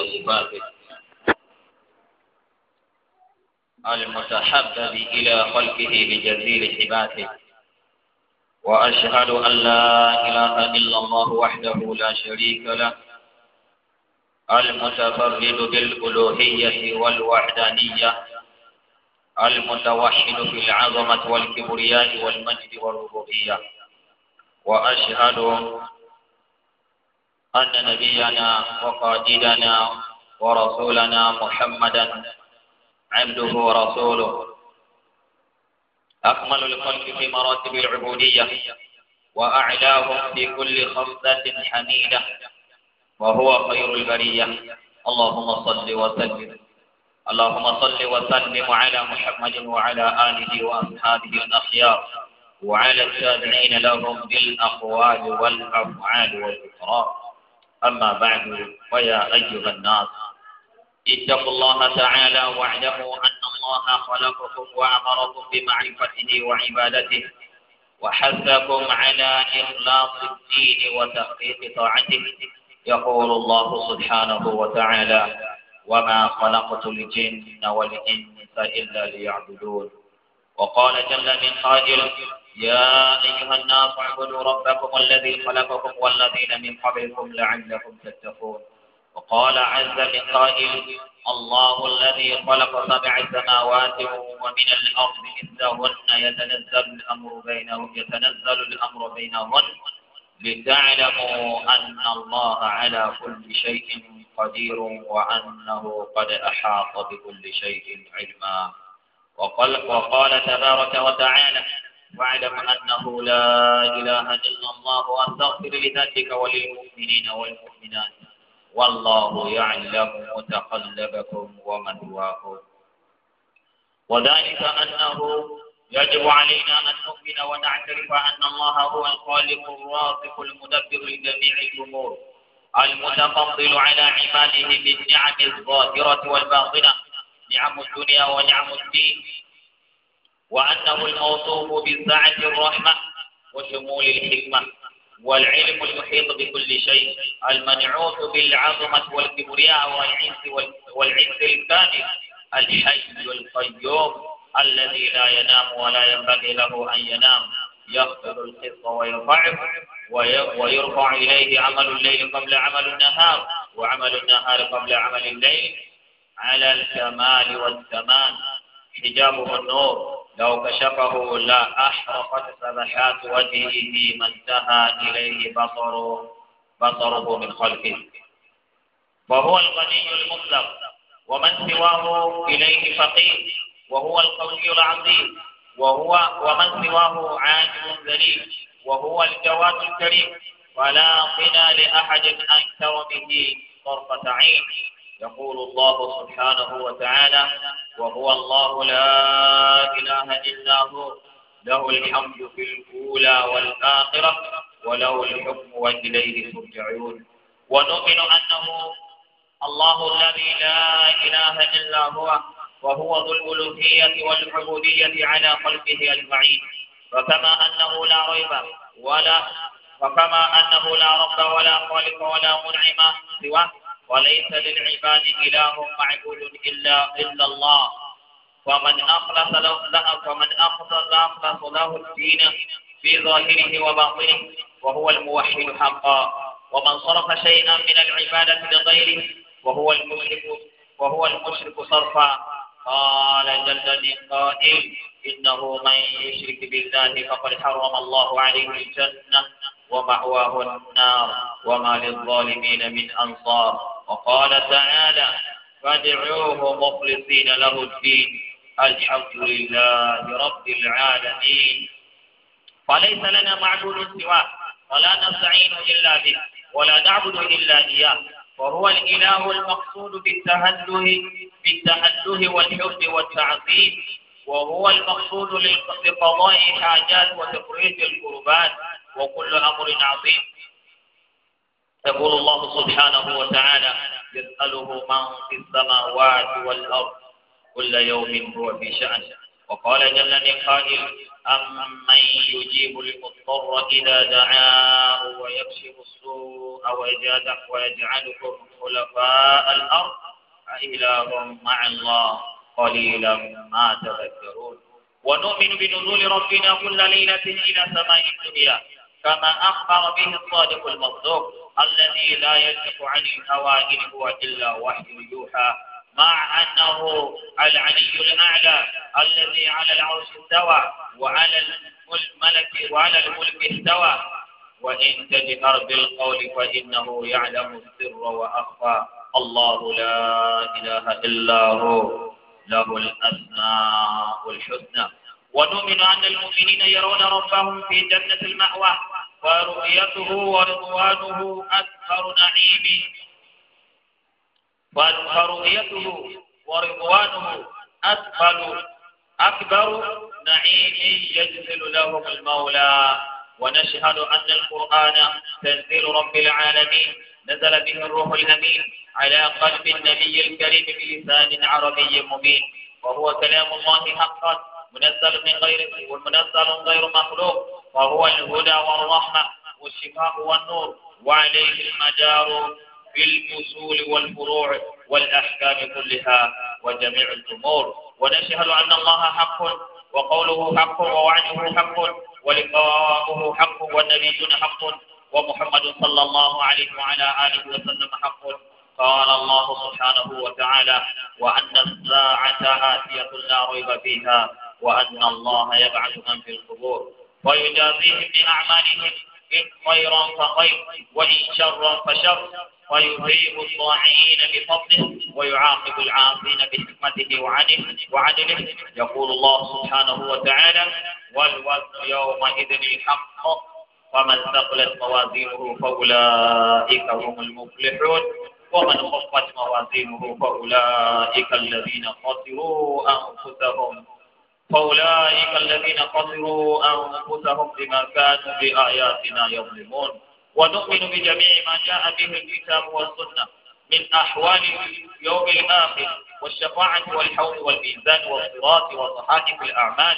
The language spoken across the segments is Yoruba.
والمباغض المتحبب إلى خلقه بجزيل حباته وأشهد أن لا إله إلا الله وحده لا شريك له المتفرد بالألوهية والوحدانية المتوحد في العظمة والكبرياء والمجد والربوبية وأشهد أن نبينا وقائدنا ورسولنا محمدا عبده ورسوله أكمل الخلق في مراتب العبودية وأعلاهم في كل خصلة حميدة وهو خير البرية اللهم صل وسلم اللهم صل وسلم على محمد وعلى آله وأصحابه الأخيار وعلى التابعين لهم بالأقوال والأفعال والإقرار أما بعد فيا أيها الناس اتقوا الله تعالى واعلموا أن الله خلقكم وأمركم بمعرفته وعبادته وحثكم على إخلاص الدين وتحقيق طاعته يقول الله سبحانه وتعالى وما خلقت الجن والإنس إلا ليعبدون وقال جل من قائل يا أيها الناس اعبدوا ربكم الذي خلقكم والذين من قبلكم لعلكم تتقون وقال عز من قائل الله الذي خلق سبع سماوات ومن الأرض مثلهن يتنزل الأمر بينهم يتنزل الأمر بينهن لتعلموا أن الله على كل شيء قدير وأنه قد أحاط بكل شيء علما وقال, وقال تبارك وتعالى واعلم أنه لا إله إلا الله واستغفر لذاتك وللمؤمنين والمؤمنات والله يعلم متقلبكم ومثواكم وذلك أنه يجب علينا أن نؤمن ونعترف أن الله هو الخالق الرازق المدبر لجميع الأمور المتفضل على عباده بالنعم الظاهرة والباطنة نعم الدنيا ونعم الدين وأنه الموصوف بسعة الرحمة وشمول الحكمة والعلم المحيط بكل شيء المنعوت بالعظمة والكبرياء والعز والعز الكامل الحي القيوم الذي لا ينام ولا ينبغي له أن ينام يغفر القسط ويرفعه ويرفع إليه عمل الليل قبل عمل النهار وعمل النهار قبل عمل الليل على الكمال والتمام حجابه النور لو كشفه لا أحرقت سبحات وجهه ما انتهى إليه بصره بصره من خلقه وهو الغني المطلق ومن سواه إليه فقير وهو القوي العظيم وهو ومن سواه عاجز ذليل وهو الجواد الكريم ولا غنى لأحد أن به طرفة عين يقول الله سبحانه وتعالى وهو الله لا إله إلا هو له الحمد في الأولى والآخرة وله الحكم وإليه ترجعون ونؤمن أنه الله الذي لا إله إلا هو وهو ذو الألوهية والعبودية على خلقه أجمعين فكما أنه لا ريب ولا وكما أنه لا رب ولا خالق ولا منعم سواه وليس للعباد إله معبود إلا إلا الله ومن أخلص له لها ومن أخلص أخلص له الدين في ظاهره وباطنه وهو الموحد حقا ومن صرف شيئا من العبادة لغيره وهو المشرك وهو المشرك صرفا قال جل من قائل إنه من يشرك بالله فقد حرم الله عليه الجنة ومأواه النار وما للظالمين من أنصار وقال تعالى فادعوه مخلصين له الدين الحمد لله رب العالمين فليس لنا معبود سواه ولا نستعين إلا به ولا نعبد إلا إياه وهو الإله المقصود بالتهله بالتهله والحب والتعظيم وهو المقصود لقضاء الحاجات وتفريج الكربات وكل أمر عظيم يقول الله سبحانه وتعالى يسأله من في السماوات والأرض كل يوم هو في شأن وقال جل من قائل أمن يجيب المضطر إذا دعاه ويكشف السوء ويجعلكم خلفاء الأرض أإله مع الله قليلا ما تذكرون ونؤمن بنزول ربنا كل ليلة إلى سماء الدنيا كما أخبر به الصادق المصدوق الذي لا ينطق عن الهوى إن هو إلا وحي يوحى مع أنه العلي الأعلى الذي على العرش استوى وعلى الملك وعلى الملك استوى وإن تجهر بالقول فإنه يعلم السر وأخفى الله لا إله إلا هو له الأسماء الحسنى ونؤمن أن المؤمنين يرون ربهم في جنة المأوى فرؤيته ورضوانه أكبر نعيم فرؤيته ورضوانه أكبر أكبر نعيم يجزل لهم المولى ونشهد أن القرآن تنزيل رب العالمين نزل به الروح الأمين على قلب النبي الكريم بلسان عربي مبين وهو كلام الله حقا منزل من غير منزل غير مخلوق وهو الهدى والرحمة والشفاء والنور وعليه المدار في الأصول والفروع والأحكام كلها وجميع الأمور ونشهد أن الله حق وقوله حق ووعده حق ولقاؤه حق والنبيون حق ومحمد صلى الله عليه وعلى آله وسلم حق قال الله سبحانه وتعالى وأن الساعة آتية لا ريب فيها وأن الله يبعث من في القبور ويجازيهم بأعمالهم إن خيرا فخير وإن شرا فشر ويذيب الطاعين بفضله ويعاقب العاصين بحكمته وعدله وعدله يقول الله سبحانه وتعالى والوزن يومئذ الحق فمن ثقلت موازينه فأولئك هم المفلحون ومن خفت موازينه فأولئك الذين خسروا أنفسهم فأولئك الذين خسروا أنفسهم بما كانوا بآياتنا يظلمون ونؤمن بجميع ما جاء به الكتاب والسنة من أحوال يوم الآخر والشفاعة والحوض والميزان والصراط وصحائف الأعمال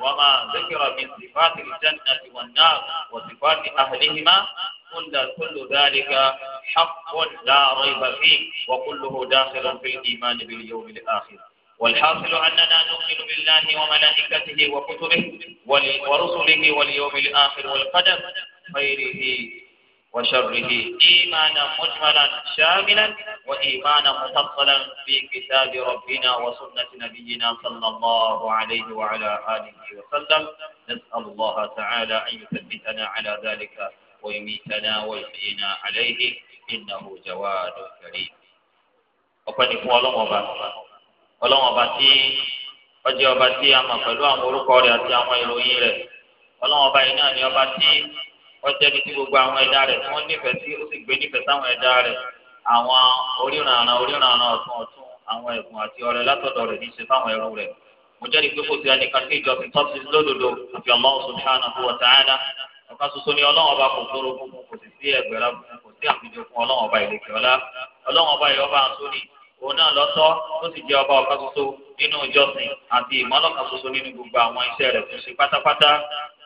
وما ذكر من صفات الجنة والنار وصفات أهلهما كل كل ذلك حق لا ريب فيه وكله داخل في الإيمان باليوم الآخر والحاصل أننا نؤمن بالله وملائكته وكتبه ورسله واليوم الآخر والقدر خيره وشره إيمانا مجملا شاملا وإيمانا مفصلا في كتاب ربنا وسنة نبينا صلى الله عليه وعلى آله وسلم نسأل الله تعالى أن يثبتنا على ذلك ويميتنا ويحيينا عليه إنه جواد كريم. أقول لكم ọlọ́wọ́n ọba tí ọjọ́ ọba tí a mọ̀ pẹ̀lú àwọn orúkọ rẹ̀ àti àwọn ìròyìn rẹ̀ ọlọ́wọ́n ọba yìí náà ni ọba tí ọjọ́ ibi tí gbogbo àwọn ẹ̀dá rẹ̀ tí wọ́n nífẹ̀ẹ́ sí ó sì gbé nífẹ̀ẹ́ sáwọn ẹ̀dá rẹ̀ àwọn oríranran oríranran ọ̀tún ọ̀tún àwọn ẹ̀bùn àti ọrẹ látọ̀dọ̀ rẹ̀ ní í ṣe fáwọn ẹrú rẹ̀ mo jẹ́rìí pé kò sí ẹnìkan tí ìjọsìn tó ti lódodo àfi Allah subhanahu wa ta'ala ọ̀kan ṣoṣo ni ọlọ́run ọba kò sóró fún kò sì sí ẹgbẹ̀rún kò sí àfijọ́ fún ọlọ́run ọba ìlẹ̀kẹ̀ ọlá ọlọ́run ọba ìyọba àtúnì òun náà lọ́tọ́ ó sì jẹ́ ọba ọ̀kan ṣoṣo nínú ìjọsìn àti ìmọ̀lọ́kan ṣoṣo nínú gbogbo àwọn iṣẹ́ rẹ̀ tó ṣe pátápátá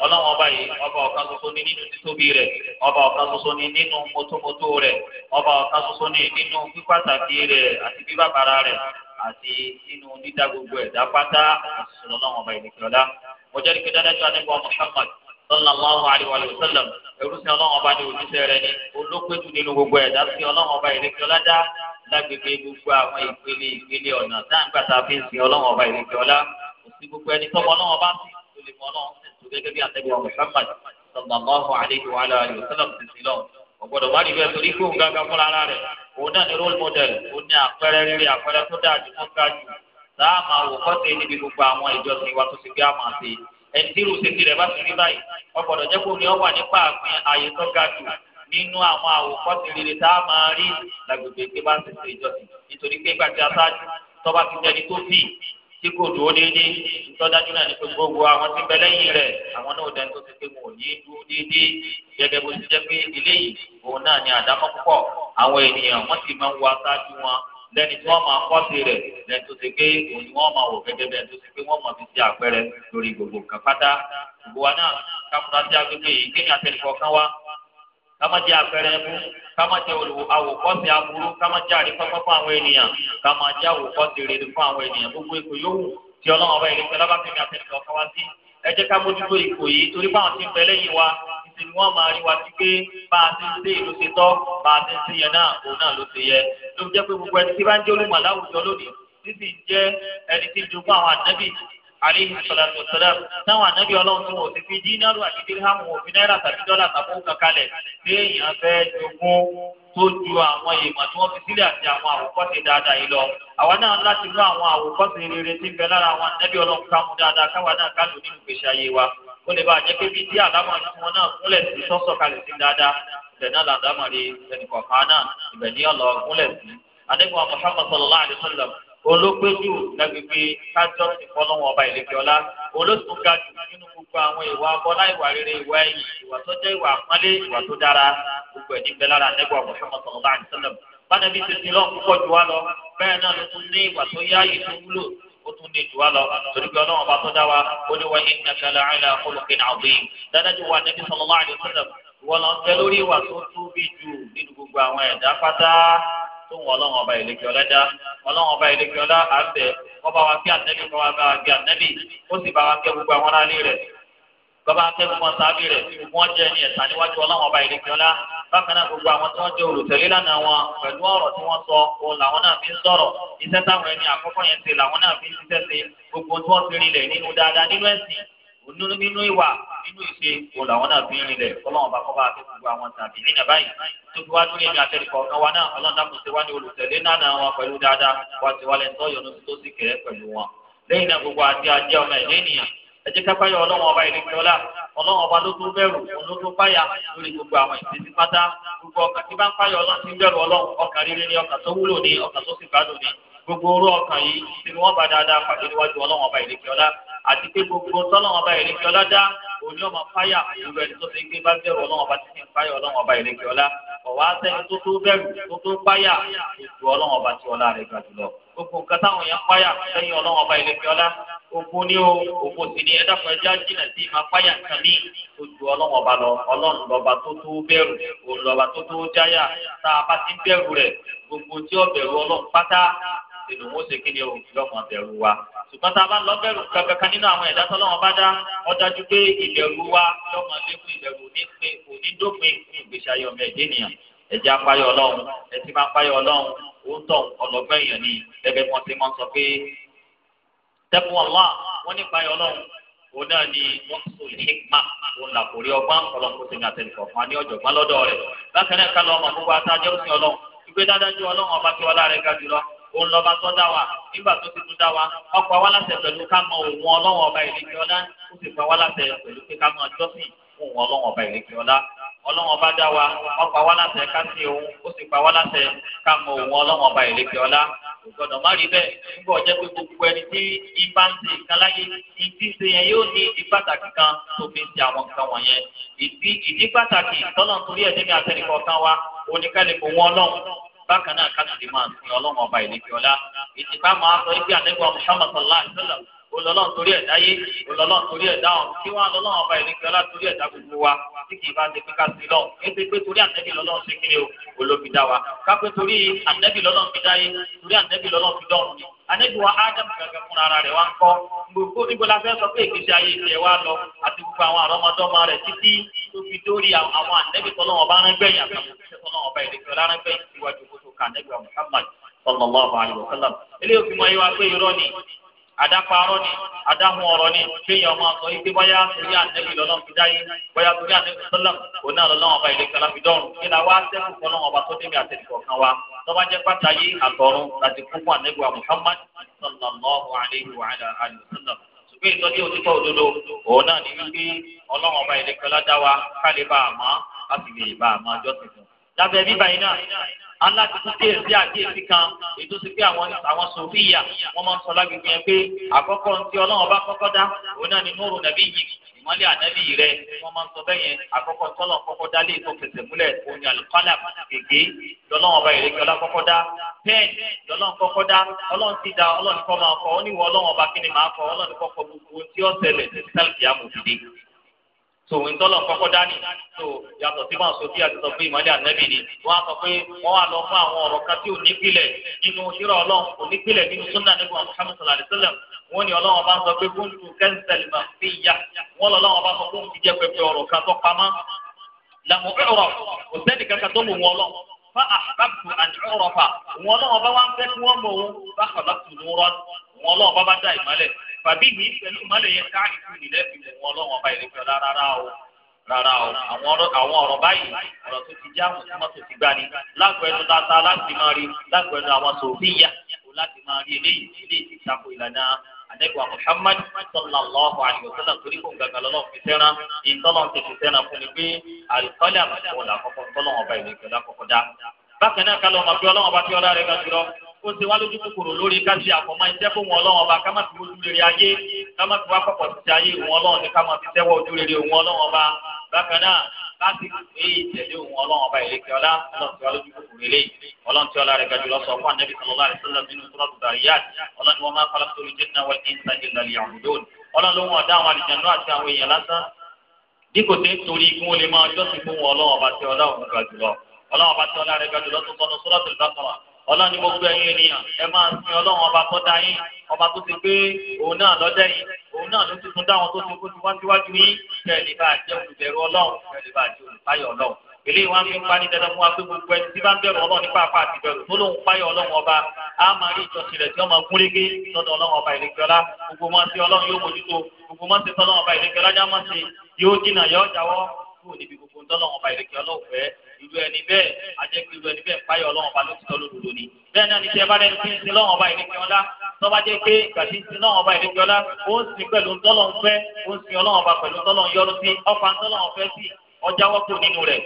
ọlọ́run ọba yìí ọba ọ̀kan ṣoṣo ní nínú títóbi rẹ̀ ọba ọ̀kan ṣoṣo ní nínú mọ́tómọ́tó rẹ̀ ọba ọ̀kan ṣoṣo ní nínú pípàtàkì rẹ̀ àti bíbàbàrà rẹ̀ àti nínú dídá gbogbo ẹ̀dá pátá àṣìṣe ọlọ́run ọba ìlẹ̀kẹ̀ ọ̀la Muhammad sallallahu alayhi wa sallam ẹrú sí ọlọ́run ọba ní òjíṣẹ́ rẹ̀ ni olókùnrin nínú gbogbo ẹ̀dá sí ọlọ́run ọba ìlẹ̀kẹ̀ lágbègbè gbogbo àwọn ìpele ìpele ọ̀nà tá à ń gbàtà fi ń sin ọlọ́run ọba ìrèké ọlá kò sí gbogbo ẹni tọ́mọ ọlọ́run ọba ń sìn tó lè mọ ọlọ́run sì gẹ́gẹ́ bí àtẹ̀wé ọmọ Muhammad sallallahu alayhi wa alayhi wa sallam ti sin lọ́wọ́ ọ̀gbọ́dọ̀ wá níbẹ̀ torí kó ń gángan fúnra ara rẹ̀ òun náà ni role model ó ní àpẹẹrẹ rere àpẹẹrẹ tó dáa jù fún gáàjù sáà máa wò kọ́sẹ̀ níbi gbogbo àwọn ìjọsìn wa tó ti gbé àmọ́ àti ẹni tí irú ṣe tirẹ̀ bá ti rí báyìí ọ̀gbọ́dọ̀ jẹ́ kó ní ọ wà nípa àpín àyè tó ga nínú àwọn àwòkọ́sí rere tá a máa rí lágbègbè pé bá ń tẹ̀sẹ̀ ìjọsìn nítorí pé gbàtí aṣáájú tọ́ba ti jẹ́ni tó fì tí kò dúró déédéé ìtọ́jájú náà ní pé gbogbo àwọn tí ń bẹ lẹ́yìn rẹ̀ àwọn náà dẹni tó ti pé wọn ò ní dúró déédéé gẹ́gẹ́ bó ti jẹ́ pé eléyìí òun náà ni àdámọ́ púpọ̀ àwọn ènìyàn wọ́n sì máa ń wo aṣáájú wọn lẹ́ni tí wọ́n máa kọ́sí rẹ̀ lẹ́ni tó ti pé òun ni wọ́n máa wò gẹ́gẹ́ bẹ́ẹ̀ tó ti pé wọ́n máa fi ṣe àpẹẹrẹ lórí gbogbo nǹkan gbogbo wa náà káfíńtà sí agbègbè yìí kéèyàn àtẹnìkọ̀ọ̀kan wa kámájẹ àpẹẹrẹ ẹkú kámájẹ àwòkọ́sí aburú kámájẹ àríkọ́sọ́ fún àwọn ènìyàn kámájẹ àwòkọ́sí rere fún àwọn ènìyàn gbogbo èkó yòówù tí ọlọ́run ọba ìrẹsẹ̀ lábàfẹ́mi àtẹnudọ́ káwá sí ẹ jẹ́ ká mójútó ìkò yìí torí báwọn ti ń bẹ lẹ́yìn wa ìsìn ni wọ́n máa rí wa sí pé bá a ti ń dé ìlú ṣe tọ́ bá a ti ń ṣe yẹn náà òun náà ló ṣe yẹ ló jẹ́ pé gbogbo ẹni tí bá ń jẹ́ olùmọ̀ aleyhi salatu salam táwọn ànábì ọlọ́run tí wọn ò ti fi dínárù àti díríhàmù wọn ò fi náírà tàbí dọ́là tàbí ó kankalẹ̀ léèyàn fẹ́ jogún tó ju àwọn èèmọ̀ tí wọ́n fi sílẹ̀ àti àwọn àwòkọ́ṣe dáadáa yìí lọ. àwa náà láti mú àwọn àwòkọ́ṣe rere tí ń bẹ lára àwọn ànábì ọlọ́run ká mú dáadáa káwa náà ká lò nínú ìgbésí ayé wa ó lè bá a jẹ́ pé bí díẹ̀ àlámọ̀ wọn náà kúnlẹ̀ sí sọ́sọ̀ kalẹ̀ sí dáadáa ibẹ̀ náà olóògbéjù lágbègbè kájọ ti fọlọ́wọ́n ọba ìlẹ́kẹ̀ọ́lá olóòtú ga jù nínú gbogbo àwọn ìwà abọ́lá ìwà rere ìwà ẹ̀yìn ìwà tó jẹ́ ìwà àpọ́nlé ìwà tó dára gbogbo ẹ̀ níbẹ̀ lára nẹ́gbà Muhammad sallallahu alaihi wasallam bánẹ́bí tètè lọ́n púpọ̀ jù wá lọ bẹ́ẹ̀ náà ló tún ní ìwà tó yáàyè tó wúlò ó tún lè jù wá lọ torí pé ọlọ́run ọba tó dá wa ó ní wa innaka la'ala khuluqin azim sallallahu alaihi wasallam wọ́n lọ tẹ lórí ìwà tó tóbi jù nínú gbogbo àwọn ẹ̀dá pátá tó wọn ọlọ́wọ́n ọba ìlẹ́kẹ́ ọlá dá ọlọ́wọ́n ọba ìlẹ́kẹ́ ọlá àbẹ̀ ọba wa kí ànẹ́bí kọ́ wa bá wa kí ànẹ́bí ó sì bá wa kẹ́ gbogbo àwọn aráalé rẹ̀ bàbá akẹ́kọ̀ọ́ kan sábì rẹ̀ wọ́n jẹ́ ẹni ẹ̀sán níwájú ọlọ́wọ́n ọba ìlẹ́kẹ́ ọlá bákan náà gbogbo àwọn tí wọ́n jẹ́ olùtẹ̀lé lánàá wọn pẹ̀lú ọ̀rọ̀ tí wọ́n sọ òun làwọn náà fi ń sọ̀rọ̀ iṣẹ́ táwọn ẹni àkọ́kọ́ yẹn ṣe làwọn náà fi ń ṣiṣẹ́ ṣe gbogbo tí wọ́n ti rinlẹ̀ nínú dáadáa nínú ẹ̀sìn nínú ìwà nínú ìṣe wo làwọn náà fi ń rinlẹ̀ ọlọ́run bá kọ́ bá fi gbogbo àwọn tàbí nínú báyìí tó fi wá lórí èmi àtẹnukọ̀ ọ̀gá wa náà ọlọ́run dákun ṣe wá ní olùtẹ̀lé náà wọn pẹ̀lú dáadáa wá ti wálé ńtọ́ yọnu tó sì kẹ́ pẹ̀lú wọn. lẹ́yìn náà gbogbo àti ajé ọmọ ẹ̀dá ènìyàn ẹ jẹ́ kápáyọ̀ ọlọ́run ọba ìlú ìjọlá ọlọ́run ọba ló tó bẹ̀rù òun ló tó páyà lórí gbogbo àwọn ìṣesí pátá gbogbo ọkàn tí bá ń páyọ̀ ọlọ́run ti ń bẹ̀rù ọlọ́run ọkàn rere ni ọkàn tó wúlò ni ọkàn tó sì gbádùn ni gbogbo orú ọkàn yìí tí wọ́n bá dáadáa pàdé níwájú ọlọ́run ọba ìlú ìjọlá àti pé gbogbo tọ́lọ́wọ́n ọba ìrèké ọlá dá òní ọmọ fáyà gbogbo ẹni tó ti gbé bá bẹ̀rù ọlọ́wọ́n ọba ti fi fáyà ọlọ́wọ́n ọba ìrèké ọlá ọ̀wá sẹ́ni tó tó bẹ̀rù tó tó fáyà ètò ọlọ́wọ́n ọba ti ọlá rẹ̀ gbà jùlọ. gbogbo nǹkan táwọn èèyàn fáyà sẹ́yìn ọlọ́wọ́n ọba ìrèké ọlá òkú ni o òkú sì ni ẹ̀dàpọ̀ ẹja jìnà sí ìmọ̀ fáyà kan ní ojú ọlọ́wọ́n ọba lọ ọlọ́run lọ́ba tó tó bẹ̀rù òun lọ́ba tó tó jáyà tá a bá ti bẹ̀rù rẹ̀ gbogbo tí ó ọlọ́run pátá ìlú wọn ṣe kí ni o yọmọ bẹ̀rù wa ṣùgbọ́n tá a bá lọ bẹ̀rù kankan nínú àwọn ẹ̀dá tọ́lọ́wọ́n bá dá wọ́n dájú pé ìbẹ̀rù wa yọmọ lẹ́kùn ìbẹ̀rù onípe onídópin fún ìgbésí ayé ọmọ ẹ̀dẹ́ nìyàn ẹ̀jẹ̀ apáyọ̀ ọlọ́run ẹtí máa páyọ̀ ọlọ́run òótọ́ ọlọ́gbọ́n èèyàn ni gẹ́gẹ́ bí wọ́n ti máa ń sọ pé tẹ́kùn ọ̀la wọ́n ní páyọ̀ ọlọ́run òun náà ni wọ́n sọ hikma òun là kò ọgbọ́n ọlọ́run kó sẹ́ni àtẹnukọ̀ fún ní ọ̀jọ̀gbọ́n lọ́dọ̀ rẹ̀ bákan náà kálọ̀ ọmọ gbogbo atájọ́ sí ọlọ́run ìgbé dáadáa ju ọlọ́run ọba tí ọlá rẹ̀ ga jùlọ òun lọ́ba tó dá wa nígbà tó ti tún dá wa ọ̀pọ̀ àwa láṣẹ pẹ̀lú ká mọ òun ọlọ́wọ̀n ọba ìrèké ọlá ó sì pa àwa láṣẹ pẹ̀lú pé ká mọ ọjọ́sìn òun ọlọ́wọ̀n ọba ìrèké ọlá ọlọ́wọ̀n bá dá wa ọ̀pọ̀ àwa láṣẹ ká sí òun ó sì pa àwa láṣẹ ká mọ òun ọlọ́wọ̀n ọba ìrèké ọlá kò má rí bẹ́ẹ̀ nígbà ọjọ́ pé gbogbo ẹni tí ibà ń ṣe nǹkan ìdí ṣe yẹn yóò ní ìpàtàkì kan tó fi ń ṣe àwọn nǹkan wọ̀nyẹn ìdí pàtàkì tọ́lọ̀ nítorí ẹ̀dẹ́gbẹ̀ àtẹnìkọ̀ọ̀kan wa oníkálukú wọn ọlọ́run bákan náà ká sì máa sin ọlọ́run ọba ìlẹ́fẹ́ ọlá ìtìpá máa sọ ibi àtẹ́gbọ́ Muhammad sallallahu alaihi wasallam olọ́lọ́run torí ẹ̀dá yé olọ́lọ́run torí ẹ̀dá ọ̀hún kí wọ́n á lọ́lọ́run ọba ìrìnkẹ́ ọlá torí ẹ̀dá gbogbo wa tí kì í bá ti pínká sí lọ ètò ìpè torí ànẹ́bí lọ́lọ́run ṣe kíni o olóbi dá wa kápẹ́ torí ànẹ́bí lọ́lọ́run fi dá yé torí ànẹ́bí lọ́lọ́run fi dọ́run ni ànẹ́bí wa ádámù gàgà fúnra ara rẹ̀ wá ń kọ́ gbogbo níbo la fẹ́ sọ pé ìgbésí ayé tiẹ̀ wá lọ àti gbogbo àwọn àrọ́mọdọ́mọ rẹ̀ títí tó fi dórí àwọn ànẹ́bí tọ́lọ́wọ́n bá rán gbẹ̀yìn àtàwọn òṣìṣẹ́ tọ́lọ́wọ́n bá ìrìnkẹ́ ọlá rán gbẹ̀yìn síwájú kó tó ka ànẹ́bí wa Muhammad sallallahu alayhi wa sallam eléyìí òfin wáyé wa pé irọ́ ni àdáparọ́ ni àdáhùn ọ̀rọ̀ ni kéèyàn máa sọ yìí pé bóyá torí ànẹ́bí lọ́lọ́run fi dáyé bóyá torí ànẹ́bí sọ́lá òun náà lọ́lọ́run ọba ìlẹ̀ kẹlá fi dọ́rùn kí la wá sẹ́kù fọlọ́run ọba tó débi àtẹnukọ̀ kan wa tọ́ba jẹ́ pàtàkì àtọ̀run láti kún fún ànẹ́bí wa Muhammad sallallahu alayhi wa alayhi wa sallam ṣùgbọ́n ìtọ́jú òtítọ́ òdodo òun náà ní wípé ọlọ́run ọba ìlẹ̀ kẹlá dá wa ká lè bá a mọ́ aláàtúntò kéè sí àkíyèsí kan ètò sí pé àwọn àwọn sòfíyà wọn máa ń sọ lágbègbè yẹn pé àkọ́kọ́ ntí ọlọ́run bá kọ́kọ́ dá òun náà ni nóòrò nàbí yìí ìmọ́lẹ̀ ànábì rẹ wọ́n máa ń sọ bẹ́ẹ̀ yẹn àkọ́kọ́ tọ́lọ̀ kọ́kọ́ dá lé ètò fẹsẹ̀ múlẹ̀ òun àlùkálà gègé lọ́lọ́wọ́n ọba ìrèké ọlá kọ́kọ́ dá pẹ́ẹ́n lọ́lọ́wọ́n kọ́kọ́ dá ọlọ́run ti da ọlọ́run kọ́ máa kọ́ ó níwọ̀ ọlọ́run ọba kí ni máa so ntọ́lọ̀ kọ́kọ́ dání so yàtọ̀ sí máa sọ́kí àti sọ pé ìmọ̀lẹ́ ànábì ni wọ́n á sọ pé wọ́n á lọ fún àwọn ọ̀rọ̀ kan tí ò nípìlẹ̀ nínú ṣírọ̀ ọlọ́run kò nípìlẹ̀ nínú sunna níbi wọn Muhammad sallallahu alayhi wa sallam wọ́n ní ọlọ́run bá ń sọ pé kuntu kẹ́ńsẹ̀lì máa fi yá wọ́n lọ́lọ́run bá sọ pé òun ti jẹ́ pẹpẹ ọ̀rọ̀ kan tó pamọ́ làmú ọ̀rọ̀ wọn lọ́wọ́ bá bá dá ìmọ́lẹ̀ bàbí yìí pẹ̀lú ìmọ́lẹ̀ yẹn káàkiri fún ìlẹ̀ fi mọ̀ wọn lọ́wọ́ bá ìrẹsì ọ̀la rárá o rárá o àwọn ọ̀rọ̀ báyìí ọ̀rọ̀ tó ti já mọ̀tòmọ́ tó ti gbani lágbẹ̀ẹ́nu tata láti máa rí lágbẹ̀ẹ́nu àwọn sòfíyà kò láti máa rí eléyìí eléyìí ti tako ìlànà àdẹ́gbà Muhammad sallallahu alayhi wa sallam torí kò gàgà lọ́lọ́ fi sẹ́ran ìtọ́lọ́ ti fi sẹ́ran fún mi pé àlùkọ́lẹ̀ àmọ́ ìwọ̀n làkọ́kọ́ tọ́lọ́wọ́n ọba ìrẹsì ọ̀la kọ̀kọ́ dá bákan náà kálọ̀ ọmọ bí ọlọ́wọ́n bá fi ọlá rẹ̀ gàdúrọ̀ ó ti wá lójú kòkòrò lórí ká ṣe àfọmọ́ iṣẹ́ fún wọn ọlọ́run ọba ká má fi ojú rere ayé ká má fi wá pọ̀pọ̀ títí ayé òun ọlọ́run ní ká má fi tẹ́wọ́ ojú rere òun ọlọ́run ọba bákan náà láti pé ìtẹ̀lé òun ọlọ́run ọba ìlẹ́kẹ̀ ọlá ọlọ́run ti wá lójú kòkòrò ilé ọlọ́run ti ọlá rẹ̀ gàdú lọ́sọ̀ fún anabi sallallahu alaihi wasallam nínú sọ́dọ̀ dàríyàt ọlọ́run wọn máa kọ́ lọ́sọ̀ lójú náà wọ́n ti ń sá ìlà lè àwọn òdòdó ọlọ́run ló ń wọ̀ dá àwọn àlìjẹ̀nú àti àwọn èèyàn lásán dípò tẹ́ torí kí wọ́n lè máa jọ́sìn fún wọn ọlọ́run ọba ti ọlọ́run ni gbogbo ẹ̀yin ènìyàn ẹ máa sin ọlọ́run ọba tó dá yín ọba tó ti gbé òun náà lọ́dẹ̀ yìí òun náà ló ti tún dáwọn tó ti kó ti wá síwájú yín kẹ́ẹ̀lì bá jẹ́ olùbẹ̀rù ọlọ́run kẹ́ẹ̀lì bá jẹ́ olùpáyọ̀ ọlọ́run eléyìí wá ń fi ń pani dandan fún wa pé gbogbo ẹni tí bá ń bẹ̀rù ọlọ́run nípa apá àti bẹ̀rù tó lóun páyọ̀ ọlọ́run ọba á máa rí ìjọsìn rẹ̀ tí wọ́n máa gún régé ọlọ́run ọba ìlẹ́gbẹ́ gbogbo máa ń ṣe ọlọ́run yóò mójútó gbogbo máa ń ṣe tọ́lọ́run ọba ìlẹ́gbẹ́ ọlá máa ń ṣe yóò jìnnà yóò jáwọ́ kúrò níbi gbogbo tọ́lọ́run ọba ìlẹ́gbẹ́ ọlọ́run irú ẹni bẹ́ẹ̀ ajẹ́ pé irú ẹni bẹ́ẹ̀ páyọ̀ ọlọ́run ọba ló lódodo ni. bẹ́ẹ̀ náà ni tí ẹ bá rẹ ti ń sin lọ́wọ́n ọba ìrìnkì ọlá tọ́ba jẹ́ pé gàdí ń sin lọ́wọ́n ọba ìrìnkì ọlá ó ń sin pẹ̀lú tọ́lọ́n fẹ́ ó ń sin ọlọ́run ọba pẹ̀lú tọ́lọ́n yọrù sí ọfà tọ́lọ́run fẹ́ sí ọjà wọ́pọ̀ nínú rẹ̀